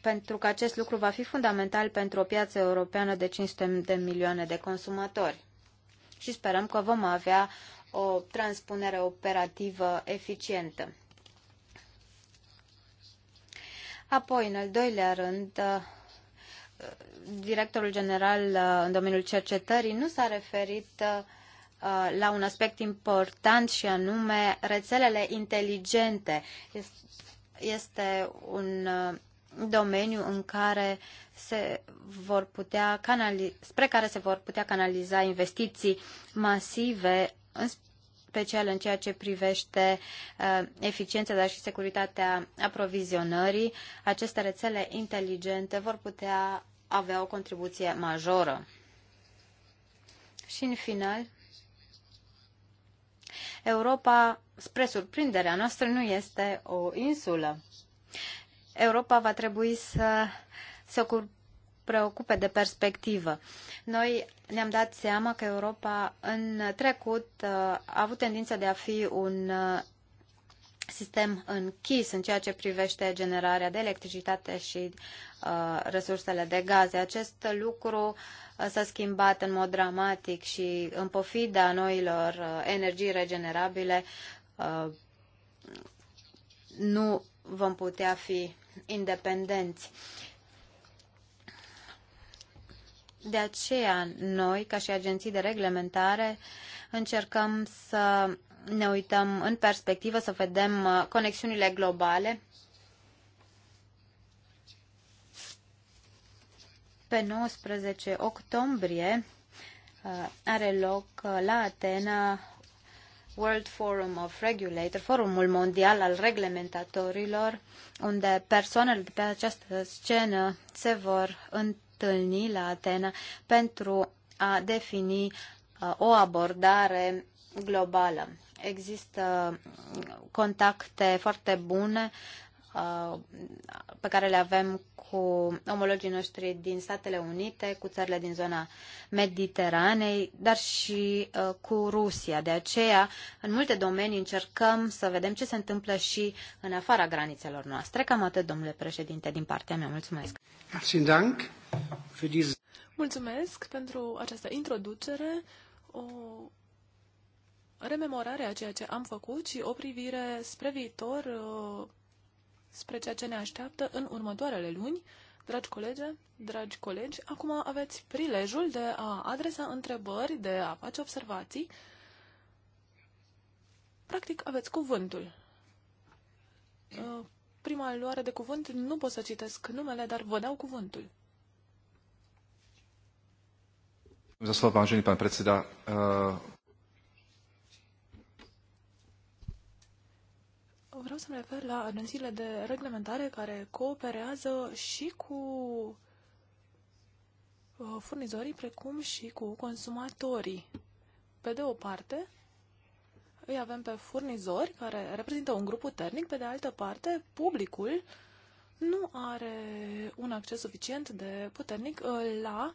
pentru că acest lucru va fi fundamental pentru o piață europeană de 500 de milioane de consumatori. Și sperăm că vom avea o transpunere operativă eficientă. Apoi, în al doilea rând, uh, directorul general uh, în domeniul cercetării nu s-a referit uh, la un aspect important și anume rețelele inteligente. Este un domeniu în care se vor putea canaliza, spre care se vor putea canaliza investiții masive în special în ceea ce privește uh, eficiența, dar și securitatea aprovizionării, aceste rețele inteligente vor putea avea o contribuție majoră. Și în final, Europa, spre surprinderea noastră, nu este o insulă. Europa va trebui să se ocupe preocupe de perspectivă. Noi ne-am dat seama că Europa în trecut uh, a avut tendința de a fi un uh, sistem închis în ceea ce privește generarea de electricitate și uh, resursele de gaze. Acest lucru s-a schimbat în mod dramatic și în pofida noilor energii regenerabile nu vom putea fi independenți. Uh, de aceea, noi, ca și agenții de reglementare, încercăm să ne uităm în perspectivă, să vedem uh, conexiunile globale. Pe 19 octombrie uh, are loc uh, la Atena World Forum of Regulator, Forumul Mondial al Reglementatorilor, unde persoanele de pe această scenă se vor întâlni întâlni la Atena pentru a defini uh, o abordare globală. Există mm, contacte foarte bune uh, pe care le avem cu omologii noștri din Statele Unite, cu țările din zona Mediteranei, dar și uh, cu Rusia. De aceea, în multe domenii încercăm să vedem ce se întâmplă și în afara granițelor noastre. Cam atât, domnule președinte, din partea mea. Mulțumesc! Mulțumesc. Mulțumesc pentru această introducere, o rememorare a ceea ce am făcut și o privire spre viitor, uh, spre ceea ce ne așteaptă în următoarele luni. Dragi colegi, dragi colegi, acum aveți prilejul de a adresa întrebări, de a face observații. Practic, aveți cuvântul. Uh, prima luare de cuvânt, nu pot să citesc numele, dar vă dau cuvântul. Za slovo, vážený pán predseda. Uh, vreau să mă refer la agențiile de reglementare care cooperează și cu uh, furnizorii, precum și cu consumatorii. Pe de o parte, îi avem pe furnizori, care reprezintă un grup puternic, pe de altă parte, publicul nu are un acces suficient de puternic uh, la uh,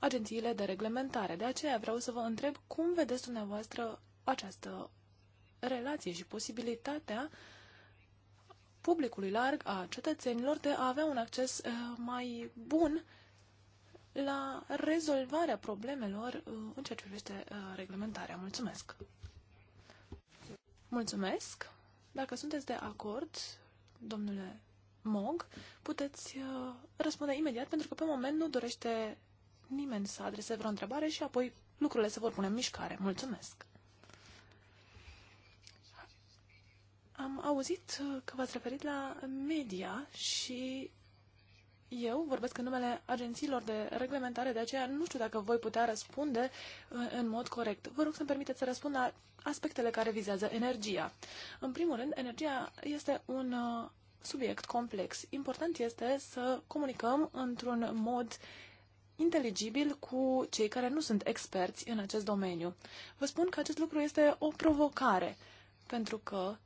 agențiile de reglementare. De aceea vreau să vă întreb cum vedeți dumneavoastră această relație și posibilitatea publicului larg a cetățenilor de a avea un acces eh, mai bun la rezolvarea problemelor eh, în ceea ce privește eh, reglementarea. Mulțumesc! Mulțumesc! Dacă sunteți de acord, domnule Mog, puteți răspunde imediat, pentru că pe moment nu dorește nimeni să adreseze vreo întrebare și apoi lucrurile se vor pune în mișcare. Mulțumesc! Am auzit că v-ați referit la media și eu vorbesc în numele agențiilor de reglementare, de aceea nu știu dacă voi putea răspunde uh, în mod corect. Vă rog să-mi permiteți să răspund la aspectele care vizează energia. În primul rând, energia este un uh, subiect complex. Important este să comunicăm într-un mod inteligibil cu cei care nu sunt experți în acest domeniu. Vă spun că acest lucru este o provocare, pentru că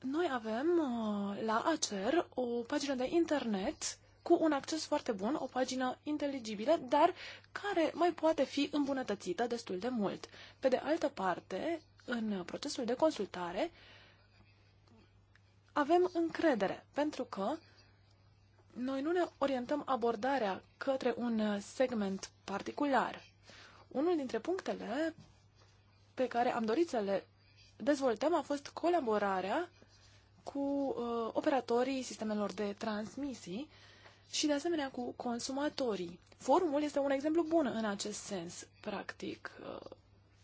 noi avem uh, la ACER o pagină de internet cu un acces foarte bun, o pagină inteligibilă, dar care mai poate fi îmbunătățită destul de mult. Pe de altă parte, în procesul de consultare, avem încredere, pentru că noi nu ne orientăm abordarea către un uh, segment particular. Unul dintre punctele pe care am dorit să le dezvoltăm a fost colaborarea cu uh, operatorii sistemelor de transmisii și de asemenea cu consumatorii. Forumul este un exemplu bun în acest sens, practic. Uh,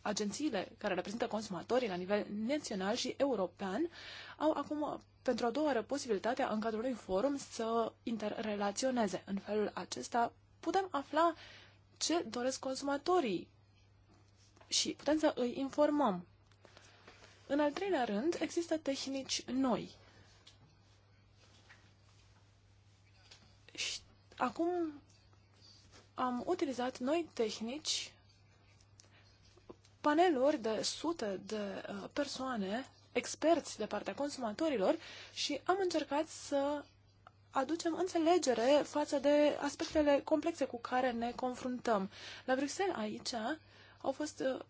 agențiile care reprezintă consumatorii la nivel național și european au acum pentru a doua oară posibilitatea în cadrul unui forum să interrelaționeze. În felul acesta putem afla ce doresc consumatorii și putem să îi informăm. În al treilea rând, există tehnici noi. Și acum am utilizat noi tehnici, paneluri de sute de uh, persoane experți de partea consumatorilor și am încercat să aducem înțelegere față de aspectele complexe cu care ne confruntăm. La Bruxelles, aici, au fost uh,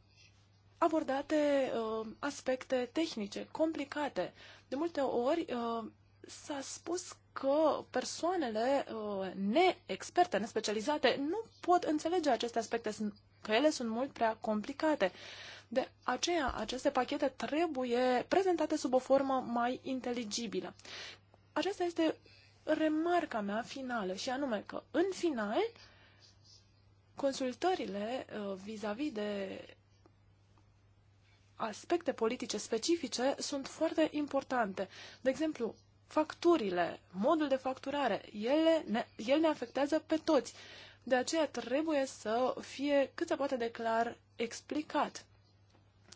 abordate uh, aspecte tehnice, complicate. De multe ori uh, s-a spus că persoanele uh, neexperte, nespecializate, nu pot înțelege aceste aspecte, că ele sunt mult prea complicate. Uh, de aceea, aceste pachete trebuie prezentate sub o formă mai inteligibilă. Aceasta este remarca mea finală și anume că, în final, consultările uh, vis-a-vis -vis de aspecte politice specifice sunt foarte importante. De exemplu, facturile, modul de facturare, ele ne, el ne afectează pe toți. De aceea trebuie să fie cât se poate de clar explicat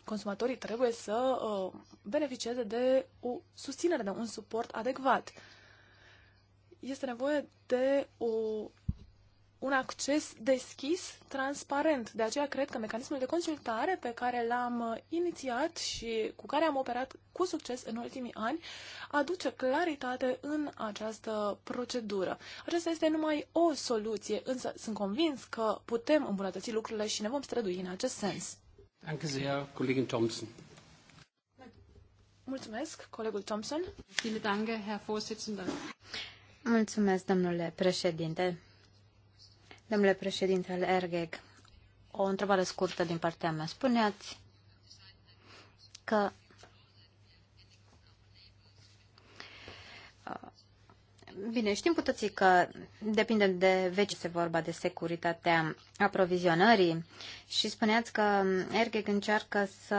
consumatorii trebuie să uh, beneficieze de o susținere, de un suport adecvat. Este nevoie de o, un acces deschis, transparent. De aceea cred că mecanismul de consultare pe care l-am uh, inițiat și cu care am operat cu succes în ultimii ani aduce claritate în această procedură. Aceasta este numai o soluție, însă sunt convins că putem îmbunătăți lucrurile și ne vom strădui în acest sens. Danke sehr, Kollegin Thompson. Mulțumesc, colegul Thompson. Vielen Dank, Herr Vorsitzender. Mulțumesc, domnule președinte. Domnule președinte al ERGEG, o întrebare scurtă din partea mea. Spuneați că Bine, știm cu toții că depinde de veci se vorba de securitatea aprovizionării și spuneați că Ergeg încearcă să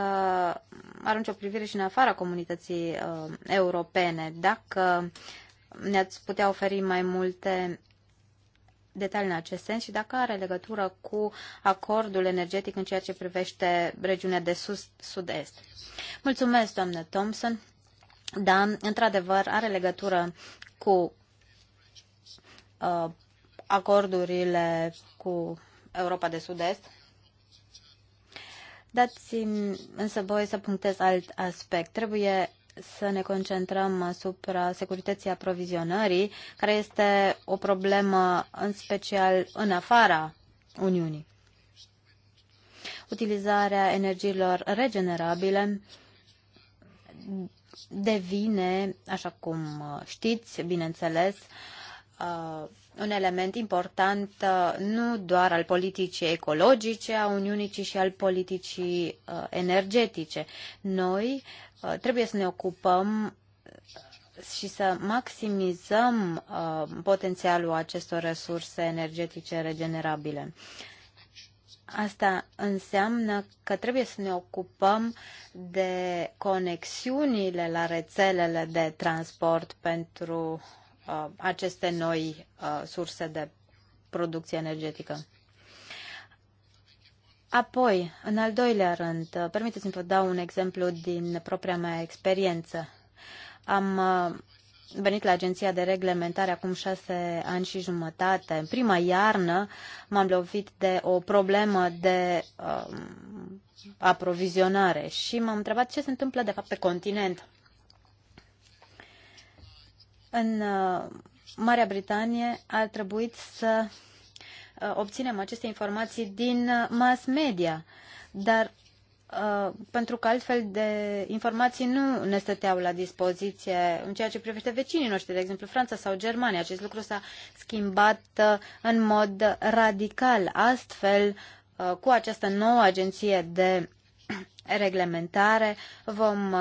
arunce o privire și în afara comunității uh, europene. Dacă ne-ați putea oferi mai multe detalii în acest sens și dacă are legătură cu acordul energetic în ceea ce privește regiunea de sud-est. Mulțumesc, doamnă Thompson. Da, într-adevăr, are legătură cu Uh, acordurile cu Europa de Sud-Est. Dați-mi însă voi să punctez alt aspect. Trebuie să ne concentrăm asupra securității aprovizionării, care este o problemă în special în afara Uniunii. Utilizarea energiilor regenerabile devine, așa cum știți, bineînțeles, uh, Uh, un element important uh, nu doar al politicii ecologice a Uniunii, ci și al politicii uh, energetice. Noi trebuie să ne ocupăm și să maximizăm potențialul acestor resurse energetice regenerabile. Asta înseamnă că trebuie să ne ocupăm de conexiunile la rețelele de transport pentru Uh, aceste noi uh, surse de producție energetică. Apoi, în al doilea rând, uh, permiteți-mi vă dau un exemplu din propria mea experiență. Am venit la agenția de reglementare acum șase ani și jumătate. În prima iarnă m-am lovit de o problemă de um, aprovizionare și m-am întrebat ce se întâmplă de fapt pe continent în uh, Marea Britanie a trebuit să uh, obținem aceste informații din uh, mass media, dar pentru că altfel de informații nu ne stăteau la dispoziție în ceea ce privește vecinii noștri, de exemplu Franța sau Germania. Acest lucru s-a schimbat în mod radical. Astfel, cu această nouă agenție de reglementare vom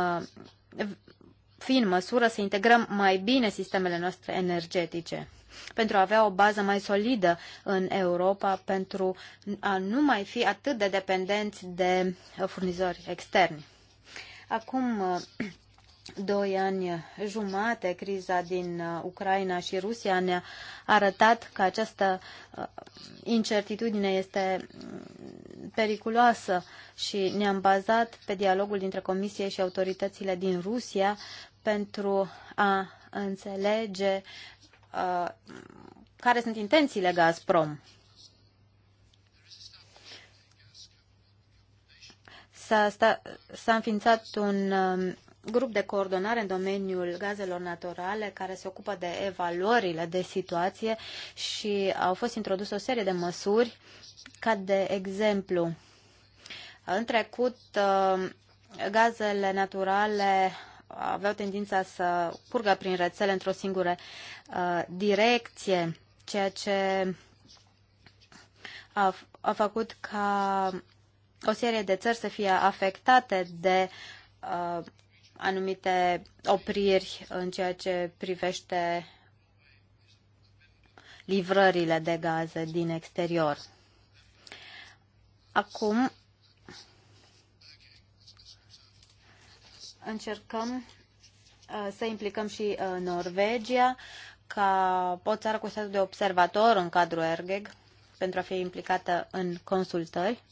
fi în măsură să integrăm mai bine sistemele noastre energetice pentru a avea o bază mai solidă în Europa, pentru a nu mai fi atât de dependenți de furnizori externi. Acum, doi ani jumate, criza din uh, Ucraina și Rusia ne-a arătat că această uh, incertitudine este mm, periculoasă și ne-am bazat pe dialogul dintre Comisie și autoritățile din Rusia pentru a înțelege uh, care sunt intențiile Gazprom. S-a, s-a înființat un um, grup de coordonare în domeniul gazelor naturale care se ocupă de evaluările de situație și au fost introduse o serie de măsuri ca de exemplu în trecut uh, gazele naturale aveau tendința să curgă prin rețele într-o singură uh, direcție, ceea ce a, a făcut ca o serie de țări să fie afectate de uh, anumite opriri în ceea ce privește livrările de gaze din exterior. Acum încercăm uh, să implicăm și uh, Norvegia ca o țară cu statul de observator în cadrul ERGEG pentru a fi implicată în consultări.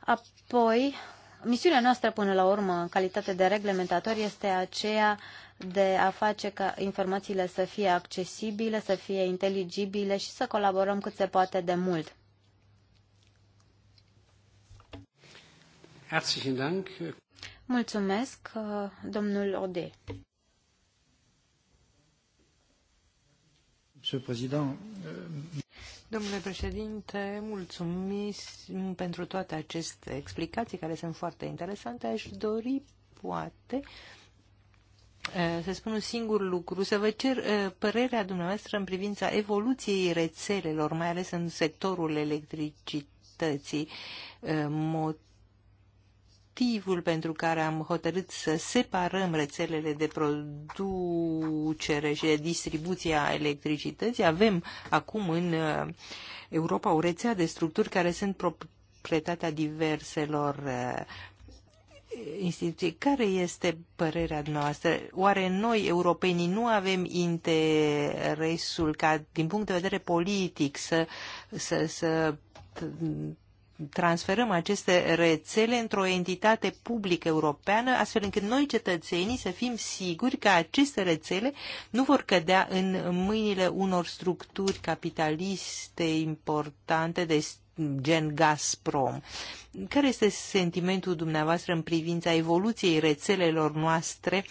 Apoi Misiunea noastră, până la urmă, în calitate de reglementator, este aceea de a face ca informațiile să fie accesibile, să fie inteligibile și să colaborăm cât se poate de mult. Mulțumesc, uh, domnul Ode. Domnule președinte, mulțumim pentru toate aceste explicații care sunt foarte interesante. Aș dori, poate, eh, să spun un singur lucru, să vă cer eh, părerea dumneavoastră în privința evoluției rețelelor, mai ales în sectorul electricității. Eh, mot motivul pentru care am hotărât să separăm rețelele de producere și de distribuție a electricității. Avem acum în uh, Europa o rețea de structuri care sunt proprietatea diverselor uh, instituții. Care este părerea noastră? Oare noi, europenii, nu avem interesul ca, din punct de vedere politic, să, să, să transferăm aceste rețele într-o entitate publică europeană, astfel încât noi cetățenii să fim siguri că aceste rețele nu vor cădea în mâinile unor structuri capitaliste importante de gen Gazprom. Care este sentimentul dumneavoastră în privința evoluției rețelelor noastre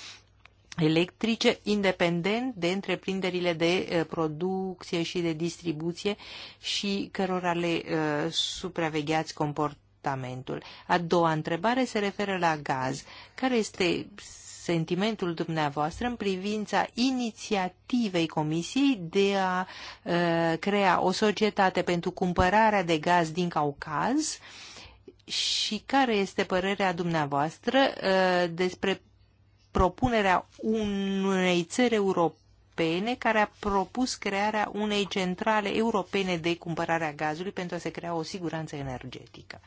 electrice, independent de întreprinderile de uh, producție și de distribuție și cărora le uh, supravegheați comportamentul. A doua întrebare se referă la gaz. Care este sentimentul dumneavoastră în privința inițiativei Comisiei de a uh, crea o societate pentru cumpărarea de gaz din Caucaz și care este părerea dumneavoastră uh, despre propunerea unei țări europene care a propus crearea unei centrale europene de cumpărare a gazului pentru a se crea o siguranță energetică.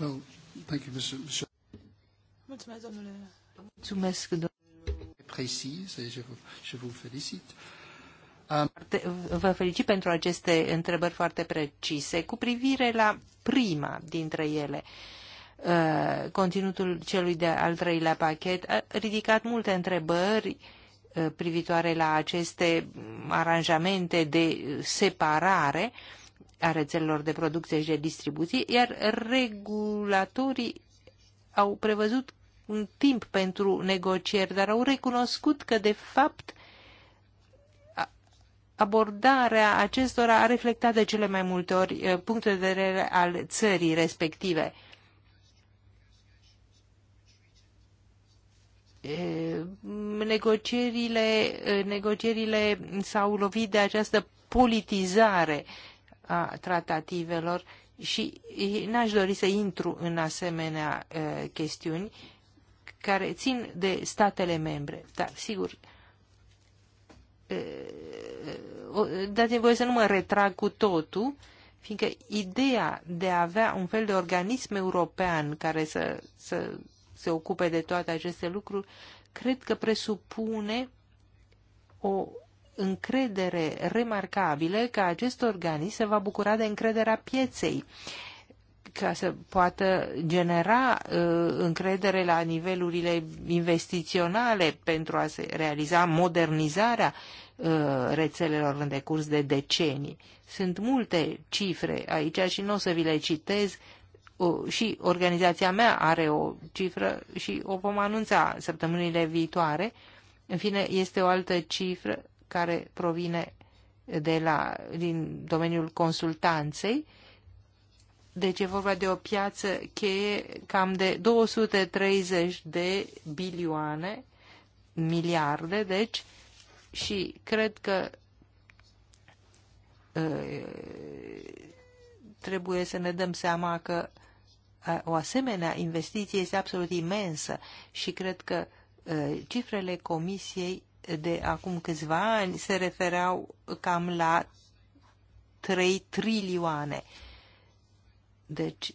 Well, thank you, Mr. Mulțumesc, domnule. Mulțumesc, domnule. Precis, je vous, je vous Vă felicit pentru aceste întrebări foarte precise. Cu privire la prima dintre ele, uh, Uh, conținutul celui de al treilea pachet a ridicat multe întrebări uh, privitoare la aceste aranjamente de separare a rețelelor de producție și de distribuție, iar regulatorii au prevăzut un timp pentru negocieri, dar au recunoscut că, de fapt, abordarea acestora a reflectat de cele mai multe ori uh, punctele de vedere al țării respective. Ehm, negocierile, eh, negocierile s-au lovit de această politizare a tratativelor și eh, n-aș dori să intru în asemenea eh, chestiuni care țin de statele membre. Dar, sigur, dați-mi voie să nu mă retrag cu totul, fiindcă ideea de a avea un fel de organism european care să, să se ocupe de toate aceste lucruri, cred că presupune o încredere remarcabilă că acest organism se va bucura de încrederea pieței ca să poată genera uh, încredere la nivelurile investiționale pentru a se realiza modernizarea uh, rețelelor în decurs de decenii. Sunt multe cifre aici și nu o să vi le citez și organizația mea are o cifră și o vom anunța săptămânile viitoare. În fine, este o altă cifră care provine de la, din domeniul consultanței. Deci e vorba de o piață cheie cam de 230 de bilioane, miliarde, deci, și cred că uh, trebuie să ne dăm seama că o asemenea investiție este absolut imensă și cred că cifrele comisiei de acum câțiva ani se refereau cam la 3 trilioane. Deci,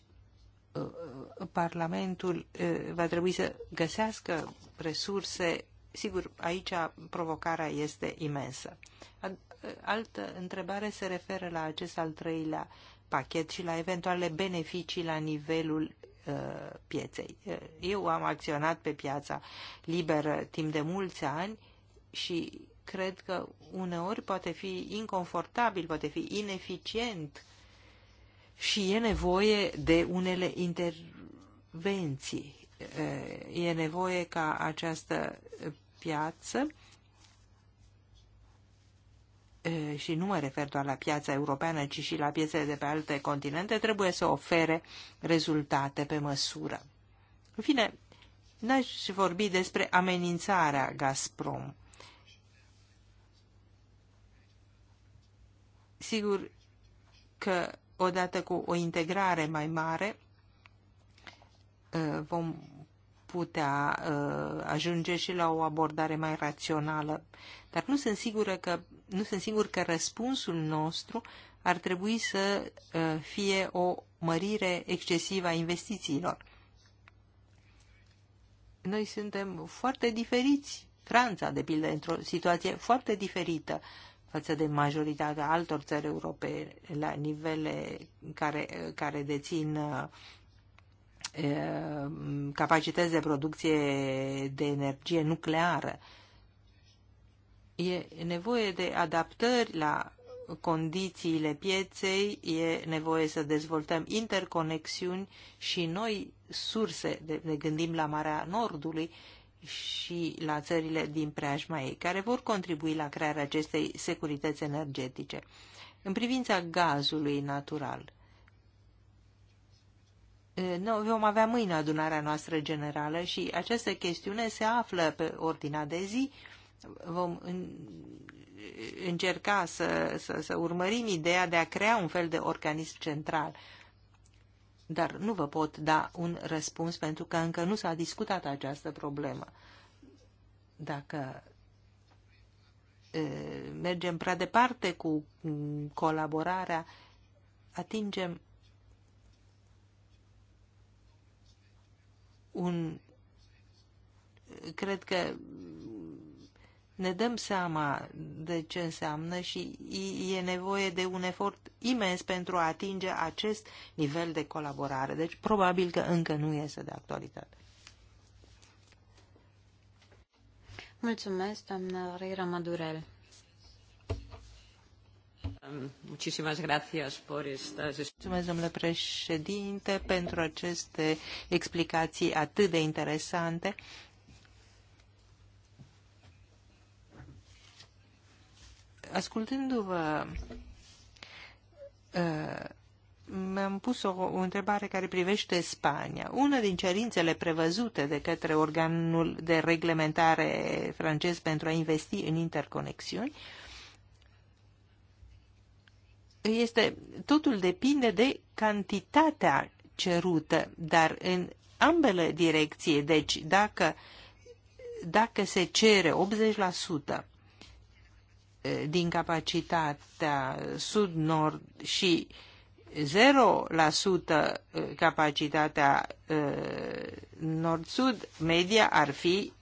Parlamentul va trebui să găsească resurse. Sigur, aici provocarea este imensă. Altă întrebare se referă la acest al treilea pachet și la eventuale beneficii la nivelul uh, pieței. Uh, eu am acționat pe piața liberă timp de mulți ani și cred că uneori poate fi inconfortabil, poate fi ineficient și e nevoie de unele intervenții. Uh, e nevoie ca această piață și nu mă refer doar la piața europeană, ci și la piețele de pe alte continente, trebuie să ofere rezultate pe măsură. În fine, n-aș vorbi despre amenințarea Gazprom. Sigur că odată cu o integrare mai mare vom putea ajunge și la o abordare mai rațională. Dar nu sunt sigură că nu sunt sigur că răspunsul nostru ar trebui să uh, fie o mărire excesivă a investițiilor. Noi suntem foarte diferiți. Franța, de pildă, într-o situație foarte diferită față de majoritatea altor țări europene la nivele care, care dețin uh, uh, capacități de producție de energie nucleară. E nevoie de adaptări la condițiile pieței, e nevoie să dezvoltăm interconexiuni și noi surse, de, ne gândim la Marea Nordului și la țările din preajma ei, care vor contribui la crearea acestei securități energetice. În privința gazului natural, noi vom avea mâine adunarea noastră generală și această chestiune se află pe ordinea de zi, vom încerca să, să, să urmărim ideea de a crea un fel de organism central. Dar nu vă pot da un răspuns pentru că încă nu s-a discutat această problemă. Dacă mergem prea departe cu colaborarea, atingem un cred că ne dăm seama de ce înseamnă și e nevoie de un efort imens pentru a atinge acest nivel de colaborare. Deci probabil că încă nu este de actualitate. Mulțumesc, doamna Reira Madurel. Um, Mulțumesc, domnule președinte, pentru aceste explicații atât de interesante. ascultându-vă, uh, mi-am pus o, o întrebare care privește Spania. Una din cerințele prevăzute de către organul de reglementare francez pentru a investi în interconexiuni este, totul depinde de cantitatea cerută, dar în ambele direcții, deci dacă, dacă se cere 80%, din capacitatea sud-nord și 0% eh, capacitatea eh, nord-sud, media ar fi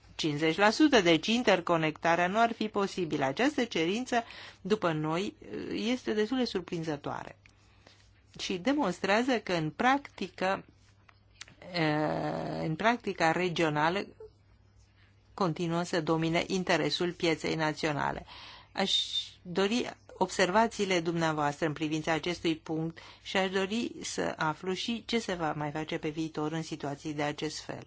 50%, deci interconectarea nu ar fi posibilă. Această cerință, după noi, eh, este destul de surprinzătoare și demonstrează că în practică în practica regională continuă să domine interesul pieței naționale. Aș dori observațiile dumneavoastră în privința acestui punct și aș dori să aflu și ce se va mai face pe viitor în situații de acest fel.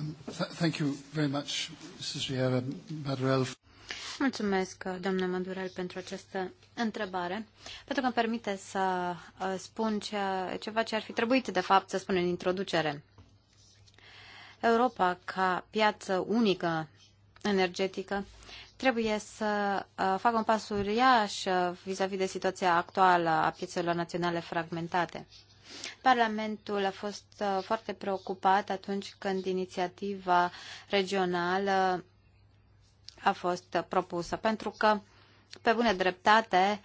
Um, th thank you very much, Mrs. Riera Madurel. Mulțumesc, doamnă Madurel, pentru această întrebare, pentru că îmi permite să uh, spun ce, ceva ce ar fi trebuit, de fapt, să spun în introducere. Europa, ca piață unică energetică trebuie să uh, facă un pas uriaș uh, vis-a-vis -vis de situația actuală a piețelor naționale fragmentate. Parlamentul a fost uh, foarte preocupat atunci când inițiativa regională a fost propusă, pentru că, pe bună dreptate,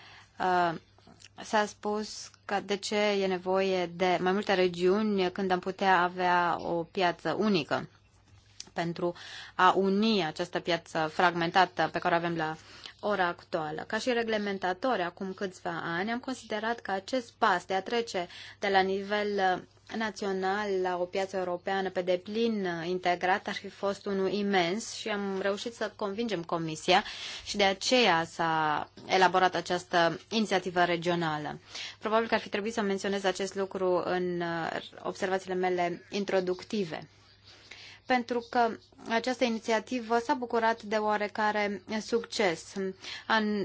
s-a spus că de ce e nevoie de mai multe regiuni când am putea avea o piață unică pentru a uni această piață fragmentată pe care o avem la ora actuală. Ca și reglementatori, acum câțiva ani, am considerat că acest pas de a trece de la nivel național la o piață europeană pe deplin integrat ar fi fost unul imens și am reușit să convingem Comisia și de aceea s-a elaborat această inițiativă regională. Probabil că ar fi trebuit să menționez acest lucru în observațiile mele introductive pentru că această inițiativă s-a bucurat de oarecare succes.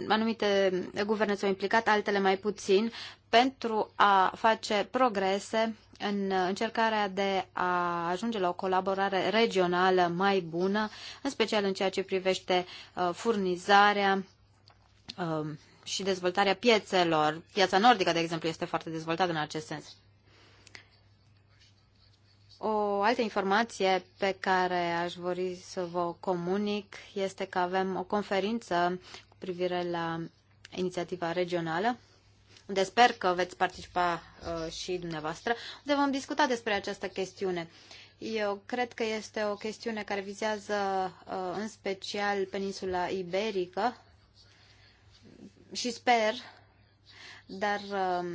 Anumite guverne s-au implicat, altele mai puțin, pentru a face progrese în încercarea de a ajunge la o colaborare regională mai bună, în special în ceea ce privește uh, furnizarea uh, și dezvoltarea piețelor. Piața nordică, de exemplu, este foarte dezvoltată în acest sens. O altă informație pe care aș vori să vă comunic este că avem o conferință cu privire la inițiativa regională, unde sper că veți participa uh, și dumneavoastră, unde vom discuta despre această chestiune. Eu cred că este o chestiune care vizează uh, în special peninsula iberică și sper uh, dar um,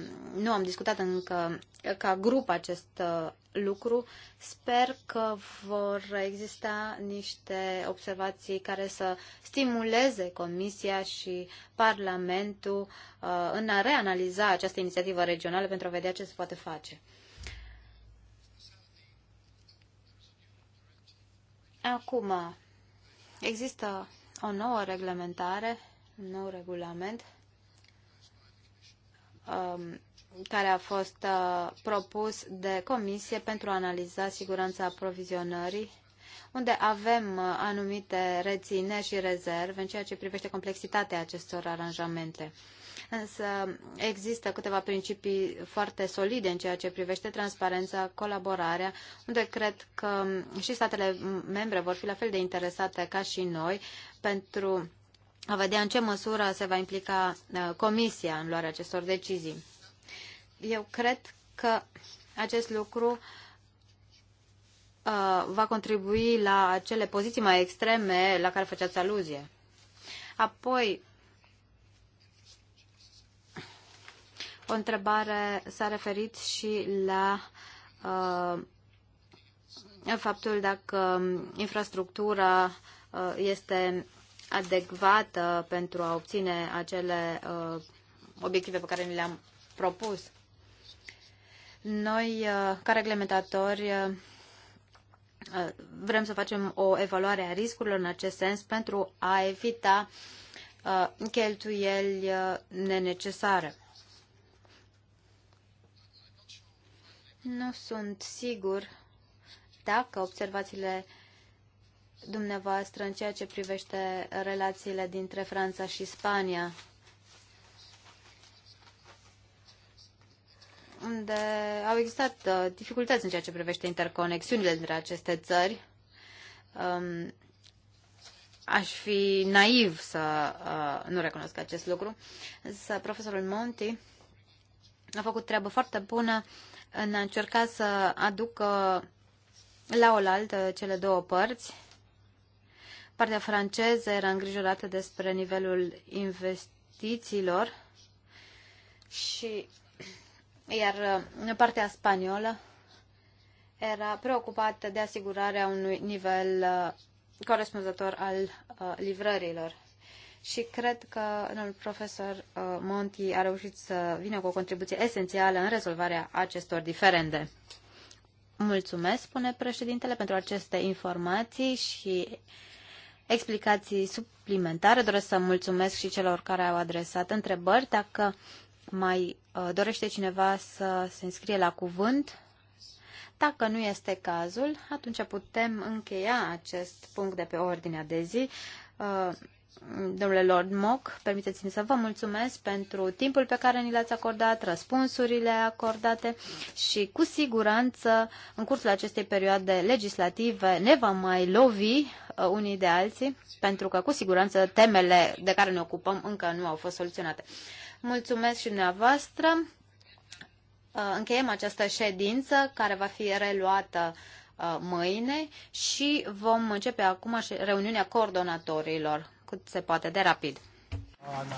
nu am discutat încă ca grup acest uh, lucru. Sper că vor exista niște observații care să stimuleze Comisia și Parlamentul uh, în a reanaliza această inițiativă regională pentru a vedea ce se poate face. Acum, există o nouă reglementare, un nou regulament Um, care a fost uh, propus de comisie pentru a analiza siguranța aprovizionării, unde avem uh, anumite rețineri și rezerve în ceea ce privește complexitatea acestor aranjamente. Însă există câteva principii foarte solide în ceea ce privește transparența, colaborarea, unde cred că și statele membre vor fi la fel de interesate ca și noi pentru a vedea în ce măsură se va implica uh, Comisia în luarea acestor decizii. Eu cred că acest lucru uh, va contribui la acele poziții mai extreme la care făceați aluzie. Apoi, o întrebare s-a referit și la uh, faptul dacă infrastructura uh, este adecvată pentru a obține acele uh, obiective pe care ni le-am propus. Noi, uh, ca reglementatori, uh, uh, vrem să facem o evaluare a riscurilor în acest sens pentru a evita uh, cheltuieli uh, nenecesare. Nu sunt sigur dacă observațiile uh, dumneavoastră în ceea ce privește relațiile dintre Franța și Spania, unde au existat uh, dificultăți în ceea ce privește interconexiunile dintre aceste țări. Um, aș fi naiv să uh, nu recunosc acest lucru, însă profesorul Monti a făcut treabă foarte bună în a încerca să aducă la oaltă cele două părți Partea franceză era îngrijorată despre nivelul investițiilor și iar partea spaniolă era preocupată de asigurarea unui nivel uh, corespunzător al uh, livrărilor. Și cred că domnul profesor uh, Monti a reușit să vină cu o contribuție esențială în rezolvarea acestor diferende. Mulțumesc, spune președintele, pentru aceste informații și explicații suplimentare. Doresc să mulțumesc și celor care au adresat întrebări. Dacă mai uh, dorește cineva să se înscrie la cuvânt, dacă nu este cazul, atunci putem încheia acest punct de pe ordinea de zi. Uh, Domnule Lord Mock, permiteți-mi să vă mulțumesc pentru timpul pe care ni l-ați acordat, răspunsurile acordate și cu siguranță în cursul acestei perioade legislative ne vom mai lovi uh, unii de alții, pentru că cu siguranță temele de care ne ocupăm încă nu au fost soluționate. Mulțumesc și dumneavoastră. Uh, încheiem această ședință care va fi reluată uh, mâine și vom începe acum reuniunea coordonatorilor cât se poate de rapid. Ana.